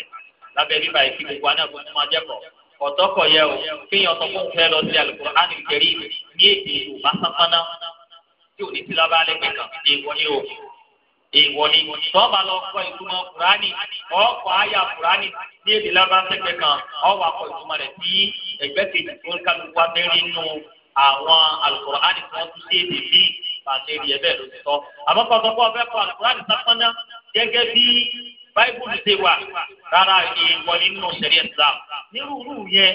kò lábẹ́ bíbá yìí kí gbogbo aná gbogbo máa jẹ́kọ̀ọ́ ọ̀tọ́kọ̀ yẹ o kéèyàn sọ fún fẹ́ lọ sí Al-Qur'an Al-Karim ní èdè Yorùbá sápáná tí ò ní sí lábẹ́ alẹ́ kankan èèwọ̀ ni o èèwọ̀ ni tọ́ba lọ kọ ìtumọ̀ Kùránì ọkọ̀ àyà Kùránì ní èdè lábẹ́ sẹ́gbẹ̀ kan ọwọ́ akọ ìtumọ̀ rẹ̀ sí ẹgbẹ́ kejì tó ń kálukú Al-Qur'an tí wọ́n tún sí èdè bíi pàṣẹ ìdí ẹ̀bẹ̀ ló ti tọ́ àmọ́ kọ́sọ́kọ́ báyìbùlù ṣe wà rárá ìwọ nínú sẹ̀rí Islam nírú irú yẹn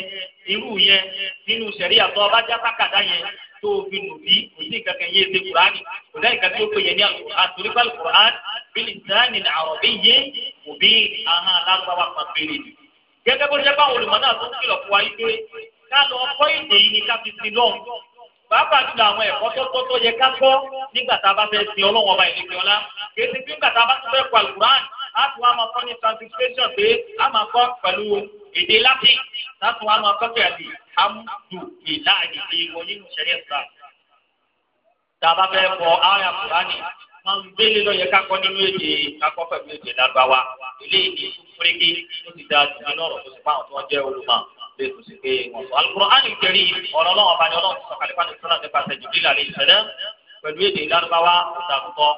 irú yẹn nínú sẹ̀rí àtọ́ ọbàjá sákàdá yẹn tó fi nù bí kò sí nǹkan kan yé ṣe kùránì kò dá nǹkan tó pè yẹn ní àtúrígbàlù kùránì bílí sani àròbí yé òbí ahọ́n alágbáwá kan péré ni. gẹ́gẹ́ bó ṣe bá olùmọ̀ náà tó ń kìlọ̀ fún wa yí pé ká lọ kọ́ èdè yìí ni ká fi sin lọ́n pàápàá jùlọ àwọn ẹ̀kọ́ tó tó yẹ ká kọ́ nígbà tá a bá fẹ́ sin ọlọ́wọ́n ọba ìlú ìjọba kì í ti bá tún fẹ́ kọ àlùkùránì a tún wá máa kọ́ ní translation pé a máa kọ́ pẹ̀lú èdè latin láti wá máa kọ́ pẹ̀lú amúdù ìlà àdìdì wọn nínú ìṣẹ̀lẹ̀ ìgbà. tàbá fẹ́ kọ àyà kùránì máa ń gbélé lọ́yẹ kákọ́ nínú èdè kákọ́ pẹ̀lú èdè lágbàwá ilé ìdí fúrégé ó ti da jùlọ lọ́rọ̀ tó ti pa àwọn tó wọ́n jẹ́ olùmọ̀ lè tó sì pé wọ́n sọ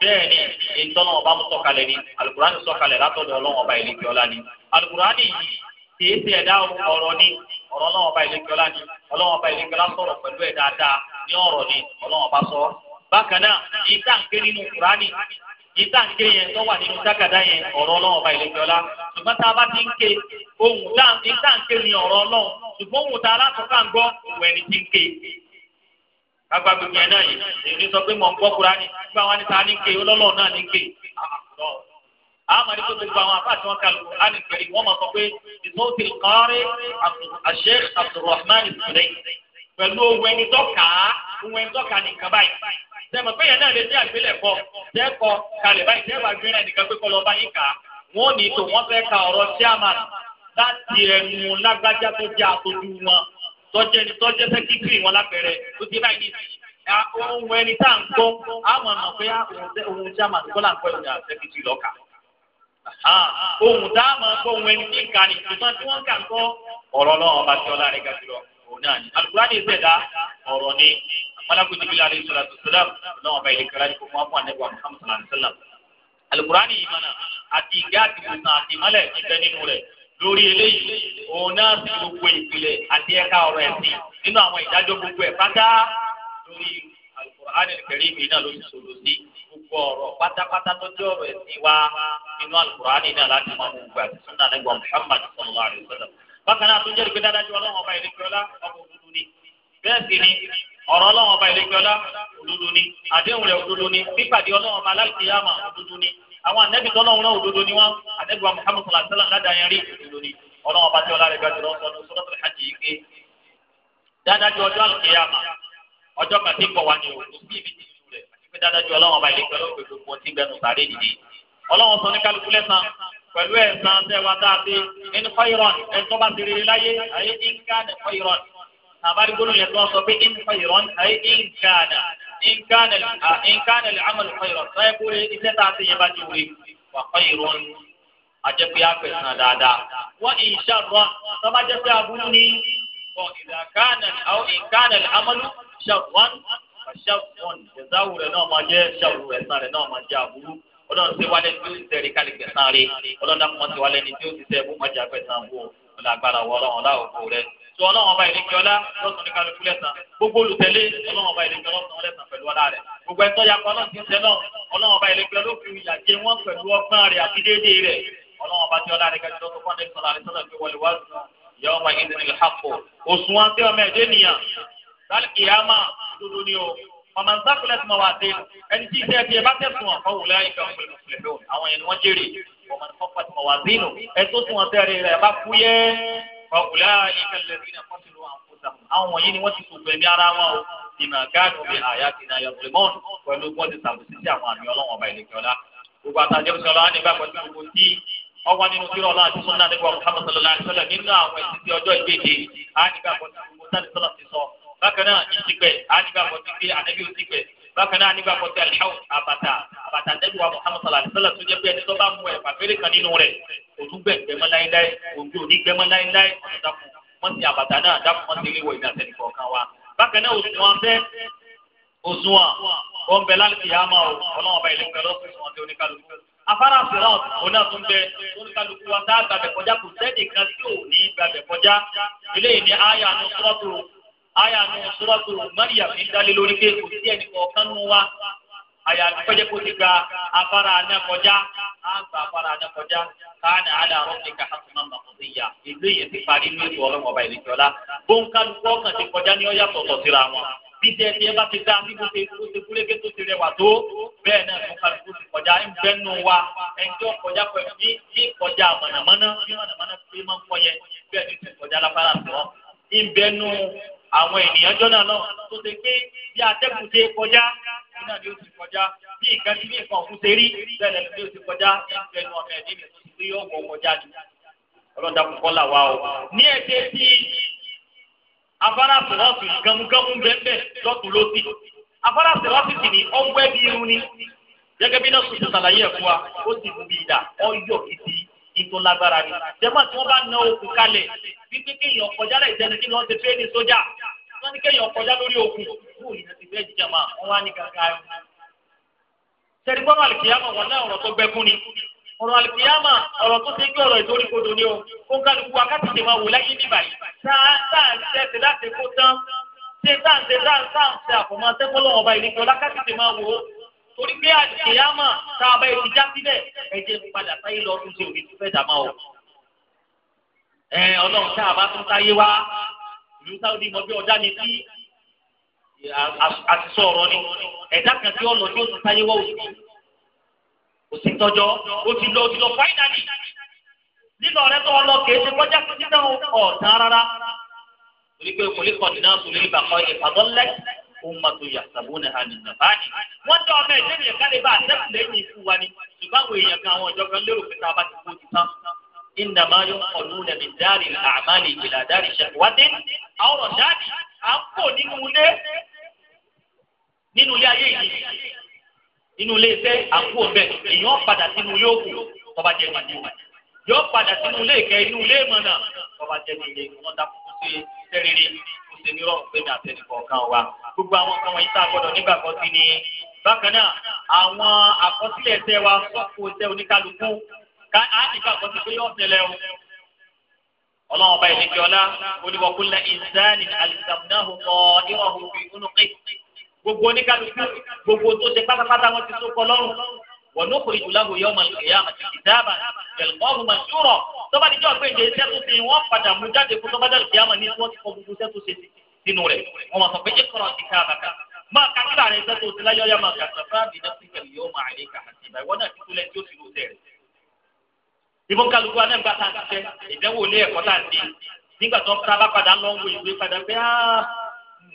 bẹ́ẹ̀ ni ìtọ́nà ọba mú sọ̀kalẹ̀ ni alukurani sọ̀kalẹ̀ látọ̀dọ̀ ọlọ́wọ́n ọba ìlú kíọ́lá ni alukurani yìí kìí ṣe ẹ̀dá ọ̀rọ̀ ni ọ̀rọ̀ ọlọ́wọ́n ọba ìlú kíọ́lá ni ọlọ́wọ́n ọba ìlú kíọ́lá sọ̀rọ̀ pẹ̀lú ẹ̀ dáadáa ní ọ̀rọ̀ ni ọlọ́wọ́n ọba sọ. bákan náà ìta ń ké nínú kurani ìta ń ké yẹn tó wà nínú tákàdá yẹn ọ̀rọ̀ ọlọ́wọ́n ọba ìlú kíọ́lá ṣùgbọ́n tá a bá ti ń ké ohun tá ìta ń ké ni ọ̀rọ̀ ọlọ́wọ́n ṣùgbọ́n ohun tá a látọ̀ ká ń gbọ́ òun ẹni ti ń ké agba gbogbo ẹ náà yìí èmi sọ pé mò ń gbọ́ Kùránì nígbà wọn ni ta ni ké ọlọ́lọ́ọ̀ náà ni ké àmọ́ ní gbogbo àwọn àbá tí wọ́n kà lù ánì kiri wọ́n mọ̀ sọ pé ìsọ́tì kọ́rí Sheikh Abdulrahman Sulayi pẹ̀lú owó ẹni tọ́ka owó ẹni tọ́ka nìkan báyìí sẹ́mi pé yẹn náà lè jẹ́ àgbélẹ̀kọ jẹ́kọ kalẹ̀ báyìí jẹ́wàá gbé náà nìkan pé kọ́ lọ́ọ́ bá kà wọ́n ní tò wọ́n fẹ́ ka ọ̀rọ̀ chairman láti ẹnu lágbájá tó jẹ́ àtọ́jú wọn tọ́jẹ́ ni tọ́jẹ́ sẹ́kítírì wọn lápẹ̀rẹ̀ tó ti báyìí ní ohun ẹni tá à ń gbọ́ àwọn ọmọ pé ohun tí a máa gbọ́ là ń gbọ́ ìjà sẹ́kítírì lọ́kà. ohun tá a máa gbọ́ ohun ẹni tí ń kà ní ṣùgbọ́n tí wọ́n kà ń gbọ́ ọ̀rọ̀ lọ́wọ́ ọba tí ọlá rẹ̀ ga jùlọ òun náà ni. Al-Qur'ani ìṣẹ̀dá ọ̀rọ̀ ni mọ́lákù jìbìlì alayhi salatu salam lọ́wọ́ ọba ìlẹ̀kẹ̀rẹ́ àti kòkòrò sallam. Al-Qur'ani ìmọ̀nà àti ìgbé àti ìwòsàn àti ìmọ̀lẹ̀ lórí eléyìí òun náà sì gbogbo ìpìlẹ̀ àti ẹ̀ka ọ̀rọ̀ ẹ̀sìn nínú àwọn ìdájọ́ gbogbo ẹ̀ pátá lórí alukur'an karim náà ló ti sọ̀rọ̀ sí gbogbo ọ̀rọ̀ pátápátá tó jẹ́ ọ̀rọ̀ ẹ̀sìn wa nínú alukur'an náà láti máa mú gbà sínú àlẹ́gbà muhammad sallallahu alayhi wa sallam. bákan náà tó jẹ́ ìpínlẹ̀ adájọ́ ọlọ́run ọba ìlẹ́kọ̀ọ́lá ọba òdodo ni bẹ́ẹ̀ sì ni ọ̀rọ̀ ọlọ́run ọba ìlẹ́kọ̀ọ́lá òdodo ni àdéhùn rẹ̀ òdodo ni pípàdé ọlọ́run ọba aláìsíyàmà òdodo ni àwọn ànábì tọ́lọ́run náà òdodo ni wọ́n ànábì wa Muhammad sallallahu alaihi wasallam ládàá yẹn rí òdodo ni ọlọ́wọ́n bá tí ọlá rẹ̀ gbàdúrà ọ̀sán suratul hajj yìí pé dáadáa ju ọjọ́ àlùkìyàmà ọjọ́ kàdé kọ̀ wá ní òkú bí ibi tìlú rẹ̀ àti pé dáadáa ju ọlọ́wọ́n bá ilé pẹ̀lú òkè gbogbo ti gbẹnu sàárè dìde ọlọ́wọ́n sọ ní kálukú lẹ́sàn pẹ̀lú ẹ̀sán tẹ́wà dáadé ẹni fọ́ìrọ̀n ẹ̀tọ́ bá ti rere láyé ayé ìǹkà ní fọ́ìrọ̀n àbárígbónú tó ń sọ pé ẹni fọ́ìrọ̀n ayé ìǹkà nǹkan àmàlù khayran sọ́yẹ́ kó lè iṣẹ́ tá a ti yẹn bá ti wúre wà khayrun àjẹpẹ́ àfẹ̀sán dáadáa. wọ́n ìṣe àrùn sọ́ba jẹ́ pé aburú ni nǹkan àmàlù ṣàwọn ṣàwọn ìṣàwù rẹ̀ náà máa jẹ́ ṣàwù ẹ̀sán rẹ̀ náà máa jẹ́ aburú ọlọ́run ti wálé tí ó ti sẹ́rí kálí gbẹ̀sán rẹ̀ ọlọ́run dàpọ̀ ti wálé ni tí ó ti sẹ́ tó ọlọ́run ọba ìlẹ́kẹ́ ọlá lọ́sàn ní kálukú lẹ́sàn gbogbo olùtẹ̀lé ọlọ́run ọba ìlẹ́kẹ́ lọ́sàn lẹ́sàn pẹ̀lú ọlá rẹ̀ gbogbo ẹ̀tọ́ ya pa ọlọ́run ti ń tẹ náà ọlọ́run ọba ìlẹ́kẹ́ ló fi ìyà jẹ wọ́n pẹ̀lú ọgbọ́n rẹ̀ àti déédéé rẹ̀ ọlọ́run ọba tí ọlá rẹ̀ kẹ́kẹ́ lọ́sọ̀ fún ẹ̀sán láti sọ́dọ̀ fi wọlé wá yọ ọmọ yìí nínú ìhàpọ̀ òsùn wọn tí ọmọ ẹ̀dẹ́ nìyàn sálìkì yàmà dúdú ni o ọmọ nsákùlẹ̀ tí mo wà dé ẹni tí iṣẹ́ wọn jèrè ọmọ nìkan pàtó mo wà dínú ẹ tó tún wọn tẹ́rẹ̀ rẹ̀ bá fúyẹ́ ọ̀gùlá ìkẹlẹ̀bí náà kọ́sì ló àwọn fúnta àwọn wọ̀nyí ni wọ́n ti sùn pẹ̀lú ara wọn o ìmọ̀ gáàdù bíi àyà ti náà yọ pẹ̀lú pẹ̀lú bọ́ọ̀dì sàbùsí sí àwọn àmì ọlọ́wọ̀n ọba ìlẹ̀kẹ́ ọ̀la gbogbo àtàjẹ́ òṣèlú ọlọ́wọ́ nígbà pẹ̀lú gbogbo tí ọwọ́ nínú kírọ̀ ọlọ́wọ́ àti sunna nígbà Muhammad sallallahu alaihi wasallam nínú àwọn ẹ̀sìn tí ọjọ́ ìgbéde á bákan náà nígbà kan tí alihaw àbàtà àbàtà nẹ́bí wa muhammad sallallahu alayhi wa sallam tó jẹ́ pé ẹni tó bá mú ẹ̀ pàfẹ́rẹ́ kan nínú rẹ̀ òtún gbẹ̀ gbẹ̀mọ́ láéláé òjú òní gbẹ̀mọ́ láéláé ọ̀dàkùn wọ́n ti àbàtà náà dákun wọ́n ti léwọ̀ ìdá tẹ̀lé kọ̀ọ̀kan wa bákan náà òṣùwọ̀n fẹ́ òṣùwọ̀n wọn bẹ láti yá máa o ọlọ́wọ́n ọba ìlú pẹ̀lú òṣùwọ̀n tí oníkálukú afárá fìlà òun náà tún bẹ oníkálukú wa tá àyà mi sọ́wọ́tò Maryam fi dálé lórí pé kò sí ẹnì kọ̀ọ̀kan nù wa àyà mi kọjá kó ti gba afárá náà kọjá á gba afárá náà kọjá káàní àlà rọ́ọ̀nì ká hàtùmá màkùnìyà ìlú yẹn ti parí ní ètò ọlọ́mọ ọba ìlú ìjọba bóńkálukú ọkàn ti kọjá ní ọyà tọ̀tọ̀ síra wọn bí tẹ tiẹ bá ti dá bí mo ti mo ti kúlégé tó ti rẹwà tó bẹ́ẹ̀ náà bóńkálukú ti kọjá ń bẹ́ nù wa ẹjọ́ kọjá pẹ̀lú bí bí kọjá mọ̀nàmọ́ná bí mọ̀nàmọ́ná fi máa ń kọ yẹ bẹ́ẹ̀ ni ti kọjá lápá àwọn ènìyàn jọ́nà lọ tó ṣe pé bí atẹ́kùn ṣe kọjá iná ni ó ti kọjá bí nǹkan tí bí nǹkan ọ̀hún ṣe rí bẹ́ẹ̀ ni ó ti kọjá ẹgbẹ́ inú ọmọ ẹ̀mí mi ti rí ọ̀wọ̀ kọjá ni ọlọ́dà kọ́kọ́ là wá o. ní ẹ̀jẹ̀ tí afárá sọ̀rọ̀sì gàmúgàmú bẹ́ẹ̀ lọ́tún ló sì afárá sọ̀rọ̀sì sì ni ọ̀ngbẹ́ bí irun ni gẹ́gẹ́ bí náà sọ̀rọ̀ ṣàlàyé ẹ̀fọ́ wa ó sì bu bí ètò lágbára ni. jẹ́mọ̀ tí wọ́n bá na okùn kalẹ̀ wípé kéèyàn kọjá láì sẹ́ni kí lọ́ọ́ ti tírénì sójà wọ́n ní kéèyàn kọjá lórí okùn fún ìyẹn ti fẹ́ jíjà máa wọ́n wá ní gàgà ẹ̀. sẹ́ni gbọ́dọ̀ àlùkìyàmọ̀ wọn náà ọ̀rọ̀ tó gbẹ́kún ni ọ̀rọ̀ àlùkìyàmà ọ̀rọ̀ tó ṣe kí ọ̀rọ̀ ìtorí kodo ni o kó ń kálukú wa ṣe máa wò láyé níbà yìí tá à ń ṣe torí pé àdìyàmà tá a bá ètí já síbẹ̀ ẹ jẹ́ padà sáyé lọ tún ṣe òní tó fẹ́ dàmà o. ẹ ọlọ́run tá a bá tún sáyé wá ìlú sáwọ́dì mọ bí ọjà ni sí àṣìṣọ ọ̀rọ̀ ni ẹ̀dá kan tí ọ̀nà tí ó ti sáyé wá òsì òsì tọjọ́ ó ti lọ ó ti lọ fáìnàlì lílọ rẹ tó lọ kèé ṣe kọjá sí títàn ọ̀tàn rárá torí pé kò lè kọ̀ ummatu yahsabunaha min nafani wọ́n dá ọmọ ẹ̀jẹ̀ nìyẹn kálí bá àtẹ́kùn lẹ́yìn ikú wa ni ṣùgbọ́n àwọn èèyàn kan àwọn ọ̀jọ̀ kan lérò pé tá a bá ti kú ti tán innama yuqaluna min dari al-a'mali ila dari shahwatin aw radadi à ń pò nínú ilé nínú ilé ayé yìí nínú ilé iṣẹ́ à ń pò bẹ́ẹ̀ èèyàn padà sínú ilé òkú tọ́ba jẹ́ ìdí yóò padà sí sẹ́rẹ̀rẹ̀ kó pé ní àtẹnìkọ̀ọ̀kan wa gbogbo àwọn nǹkan wọ̀nyí tá a gbọ́dọ̀ nígbàgbọ́ sí ni bákan náà àwọn àkọsílẹ̀ ẹsẹ̀ wa sọ́kò ẹsẹ̀ oníkálukú ká á nígbàgbọ́ sí pé yóò tẹ̀lé o. ọlọ́run ọba ìlẹ́kẹ̀ ọlá olùwọ̀kúnlẹ̀ ìsáàlì àlìsàmúnáhùn kọ ìwọ̀hùn fi únúkẹ́ gbogbo oníkálukú gbogbo tó ṣe pátápátá wọn ti tó kọ lọ́rùn wọn ló kò ìjùlá wò yọ ọmọlúwẹ̀ yá àmàtì ìdáàbà yẹlùmọ́ọ̀rù màṣúrọ̀ tọ́ba níjọ́ pé ìdè iṣẹ́ tó ṣe wọ́n padà mú jáde fún tọ́ba dàlùkì àmà ní wọ́n ti kọ gbogbo iṣẹ́ tó ṣe sí sínú rẹ̀ wọ́n máa sọ pé ẹ̀kọ́rọ̀ ti ká bàtà máa ka kílà rẹ̀ sẹ́tò tí láyọ̀ yá máa kà sàfà bí náà síkẹ̀ yóò máa lè kà àti ìbáyìí wọ́n náà ti kúlẹ̀ tí ó sì lò tẹ̀ rẹ̀. ìbọn kálukú anẹ́gbà tá a ti tẹ ìdánwò ilé ẹ̀kọ́ tá a ti nígbà tó ń tara padà ń lọ wo ìwé padà pé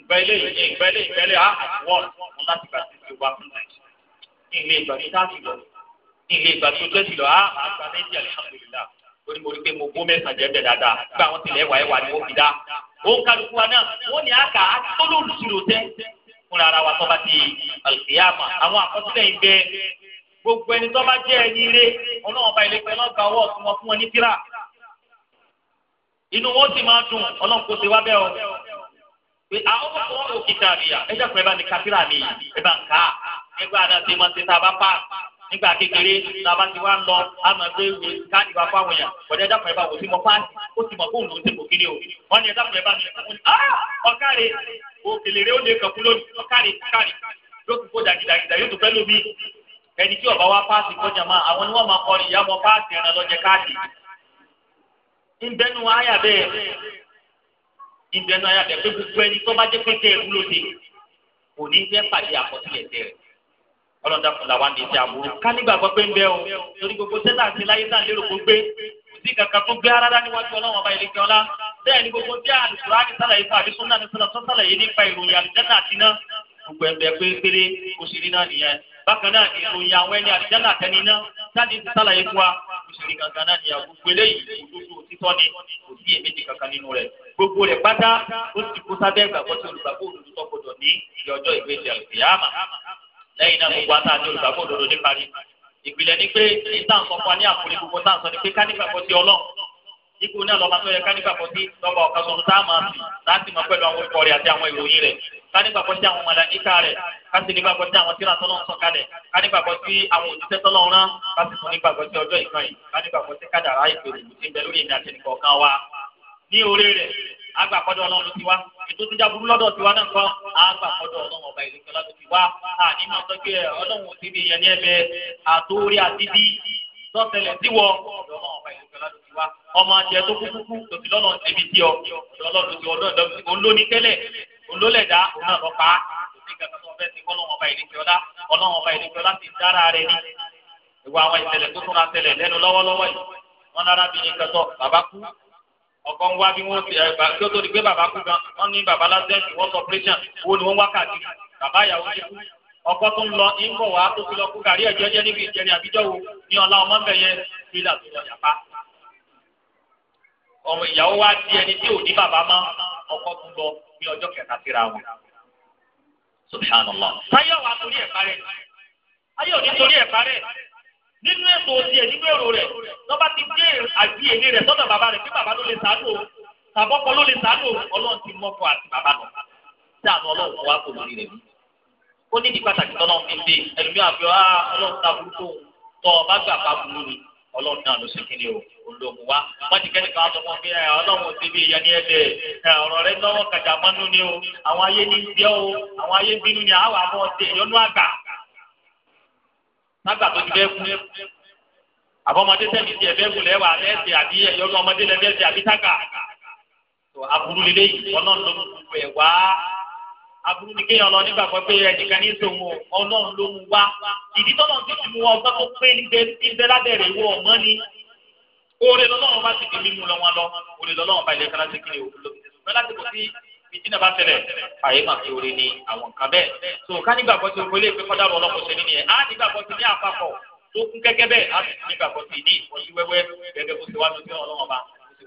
gbẹ́lẹ̀ gbẹ́lẹ̀ gbẹ́lẹ̀ wọ́n láti gbà òun kálukú wa náà wọ́n ní àkà àtọ́lù olùsirò tẹ́ fúnra ara wa tó ti àwọn àkọsílẹ̀ gbogbo ẹni tó bá ẹni ire ọlọ́wọ́n bá ilé ọwọ́ fún wọn ní tíra inú wọn sì máa dùn o pé àwọn ẹ jẹ́ pé ẹ bá ní mi ẹ bá ń kà á bá nígbà kékeré làbá ti wá lọ àmọ́ pé ìwé káàdì wa fáwọn èèyàn ọ̀dẹ́ dàpọ̀ ẹ̀ bá wò sí mọ páàsì ó ti mọ̀ fóònù òun kò kiri o wọ́n ní ẹ̀ dàpọ̀ ẹ̀ bá mi fún un ọ̀kàrẹ̀ òkèlè rẹ̀ ó lè kàn fún lónìí ọ̀kàrẹ̀ ọ̀kàrẹ̀ yóò tún kó dàgídàgídà yóò tún fẹ́ lómi ẹni tí ọba wa páàsì kọjá máa àwọn ni wọ́n máa kọrin ìyá ọmọ páàsì ẹran lọ́jẹ káàdì ìbẹnu àyà bẹ́ẹ̀ ọlọ́dà fún làwọn àti ìṣe àbúrò ká nígbàgbọ́ pé ń bẹ o torí gbogbo sẹ́tà àti láyé tá à ń lérò kó gbé sí kankan tó gbé rárá níwájú ọlọ́run ọba ìlẹ́kẹ́ ọlá bẹ́ẹ̀ ni gbogbo bí àlùkùrá ní sàlàyé fún àdìsún náà ní sọ̀rọ̀ tó sàlàyé nípa ìròyìn àlùjáná àti iná gbogbo ẹ̀bẹ̀ pérépéré òṣèré náà nìyẹn bákan náà ìròyìn àwọn ẹni àlùjáná àtẹni iná jáde ti sàlàyé fún wa òṣèré kankan náà nìyẹn gbogbo eléyìí òdodo òtítọ́ ni kò sí èméjì kankan nínú rẹ̀ gbogbo rẹ̀ pátá ó ti kó sábẹ́ ìgbàgbọ́ tí olùgbàgbọ́ òdodo tó gbọdọ̀ ní ìyọjọ́ ìgbésẹ̀ àlùkìyàmà lẹ́yìn náà gbogbo ata àti olùgbàgbọ́ òdodo ní parí ìpìlẹ̀ ni pé ìtànsán fún wa ní àkórí gbogbo ìtànsán ni pé kánígbàgbọ́ sí ọlọ́ ikú náà lọ́ba tó yẹ kánígbàgbọ́ sí lọ́ba ọ̀kan tuntun tá a máa sì láti mọ̀ pẹ̀lú àwọn orúkọ rẹ̀ àti àwọn ìròyìn rẹ̀ kánígbàgbọ́ sí àwọn màláíkà rẹ̀ kásì nígbàgbọ́ sí àwọn tíra tọ́lọ́ ń sọ kalẹ̀ kánígbàgbọ́ sí àwọn òṣìṣẹ́ tọ́lọ́ ń rán kásì tún nígbàgbọ́ sí ọjọ́ ìkan yìí kánígbàgbọ́ sí kádàrá ìpèrè ìbùsí bẹ lórí ìrìn àtẹnìkọ̀ọ̀kan wa ní orí àgbà kọ́dọ̀ ọlọ́run ló ti wá ètò tó jáburú lọ́dọ̀ tiwa náà kọ́ àgbà kọ́dọ̀ ọlọ́run ọba ìlú kẹlá tó ti wá àní máa tọ́jú ẹ ọlọ́run ò síbi ìyẹn ní ẹ̀bẹ̀ àtòrí àdídí sọ́sẹ̀lẹ̀ síwọ́ ọlọ́run ọba ìlú kẹlá tó ti wá ọmọ àti ẹ̀tọ́ kúkúkú tó ti lọ́nà ẹ̀mí tí ọ ọlọ́run tó ti olóní tẹ́lẹ̀ olólẹ̀dá òun náà lọ pa á ọlọ́run ọba ìlẹ̀kẹ́ láti dára rẹ̀ ní ìwà àwọn ìṣẹ̀lẹ̀ tó tún ra ṣẹlẹ̀ lẹ́nu lọ́wọ́lọ́wọ́ yìí wọ́n lára bí nìkan tọ́ bàbá kú ọkọ ń wá bí wọ́n ṣe ẹgbà kí ó tó di pé bàbá kú gan wọ́n ní bàbá lásẹ̀ǹtì wọ́n sọ pírẹ́sàn owó ni wọ́n wá káàkiri bàbá ìyàwó ti kú ọkọ tó ń lọ ń bọ̀ wá tó fi lọ kú gàrí ẹ̀jẹ̀ jẹ́ níbi ìjẹrin àbíjọ́ wo ní ọ̀la ọmọ ń bẹ̀ yẹ fílà tó lọ yàpá. ọmọ ìyàwó wa di ẹni tí ò ní bàbá mọ́ ọkọ tó lọ ní ọjọ́ kẹta síra wọn. subhanallah. táyọ̀ wà torí ẹ̀ parẹ́ ayọ̀ nítorí ẹ̀ parẹ́ nínú ètò òsì ẹ̀ nínú èrò rẹ̀ lọ́ba ti gbé àbí èlé rẹ̀ sọ́dọ̀ bàbá rẹ̀ pé bàbá ló lè sàánù o tàbọ́kọ ló lè sàánù o ọlọ́run ti mọ́kọ àti bàbá lọ dáàbò ọlọ́run wá kò lórí rẹ̀ ó ní ní pàtàkì tọ́lọ́ fi dé ẹlòmí àbí ọ́ ah, ọlọ́run ta burú tọ́ ọ bá gbà bá burú ni ọlọ́run náà ló ṣe kíni o olóògùn wa wọ́n ti kẹ́ni kan sọ́kàn bí ọlọ́run ti bí ìyá ní ẹ̀dẹ̀ eh, ọ̀rọ̀ rẹ lọ́wọ́ kàjà mọ́nú ni o àwọn ayé ní bíọ́ o àwọn ayé bínú ni àwọn àbọ̀ ọ̀tẹ̀ ìyọnú àgbà nàgbà tó ti bẹ́ẹ̀ kú àbọ̀mọdé tẹ̀mí tiẹ̀ bẹ́ẹ̀ kú lẹ́wà bẹ́ẹ̀ ti àbí ẹ̀yọ́nú ọmọdé lẹ́ bẹ́ẹ̀ ti àbí tága tó aburú lélẹ́ yìí ọlọ́run ló mú gbogbo ẹ̀ wá aburú ni kéèyàn lọ nígbàgbọ́ pé ẹnìkan ní sòun ọlọ́run ló mú wá ìdí tọ́lọ́ tó ti mú ọgbọ́n tó pé níbẹ̀ lábẹ́rẹ̀ ìwọ ọ̀mọ́ ni oore lọ́lọ́run bá ti fi mímú lọ lọ fìtínà bá tẹlẹ àyè máa fi orí ni àwọn nǹkan bẹ́ẹ̀ tó ká nígbàgbọ́ tí òkú ilé ìpín kọ́dà lọ ọlọ́kùnrin ṣe nínú yẹn á nígbàgbọ́ tí ní àpapọ̀ tó kún gẹ́gẹ́ bẹ́ẹ̀ á sì nígbàgbọ́ tí ní ìfọ̀sí wẹ́wẹ́ gẹ́gẹ́ bó ti wá lójú ọlọ́wọ́n bá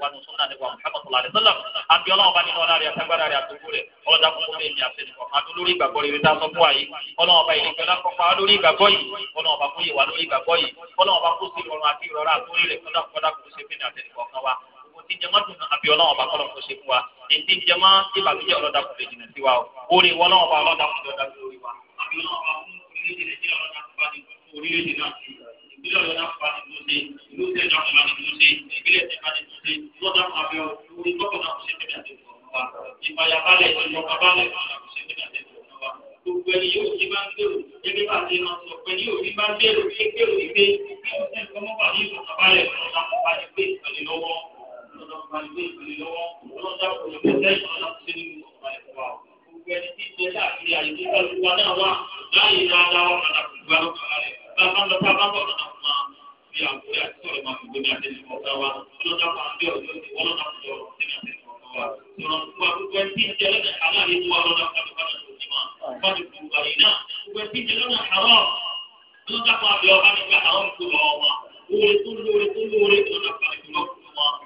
wani sunna ne wa muhammad sallallahu alaihi wasallam an bi Ọlọ́run ba nínú ọlá rẹ̀ àtagbára rẹ̀ àtúgbò rẹ̀ Ọlọ́run dàpọ̀ fún mi àti ẹnìkan kan lórí ìgbàgbọ́ rẹ̀ tá a sọ fún wa yìí Ọlọ́run ba ìlú ìjọba kan pa lórí ìgbàgbọ́ yìí Ọlọ́run ba kó yẹ wa lórí ìgbàgbọ́ yìí Ọlọ́run ba kó sí ìrọ̀rùn àti ìrọ̀rùn àtúrí rẹ̀ kọdà kọdà kó ṣe fún mi àti ẹnìkan kan wa tí jẹmọ́ dùn náà àbí ọlọ́wọ́n bá kọ́lọ́ kó ṣe fún wa ní tí jẹmọ́ ìbànújẹ́ ọlọ́dà kò lè jìnà sí wa o orí wọlọ́wọ́n bá ọlọ́dà kò lọ́dà kò lórí wa àbí ọlọ́wọ́n bá fún orílẹ̀-èdè Nàìjíríà ọlọ́dà kò bá ní orílẹ̀-èdè náà ìpínlẹ̀ ọ̀yọ́ náà fà ní tó ṣe ìlú tẹ̀ náà fà ní tó ṣe ìpínlẹ̀ tẹ̀ fà ní tó ṣe lọ́dà máa bẹ orí tọ́kọ̀ náà kò ṣe fẹ́mi àti ìfọ̀nà wa ọlọ́pàá ìgbé ìpínlẹ̀ lọ́wọ́ ọlọ́dà òkùnkùn tẹ́sán láti ṣe nínú ọ̀pá ẹ̀kọ́ wa. gbogbo ẹni tí ìṣe láàbí àyíké kálukú náà wà láàyè dáadáa wọn kàdà kù gbà lọ́kà rẹ̀ bàbá ń lọ bàbá ń bọ̀ lọ́nà fún wa ti kú àyè náà àwọn ìkó lọ́wọ́ oore tó lóore tó lóore lọ́dà kan ìkó lọ́wọ́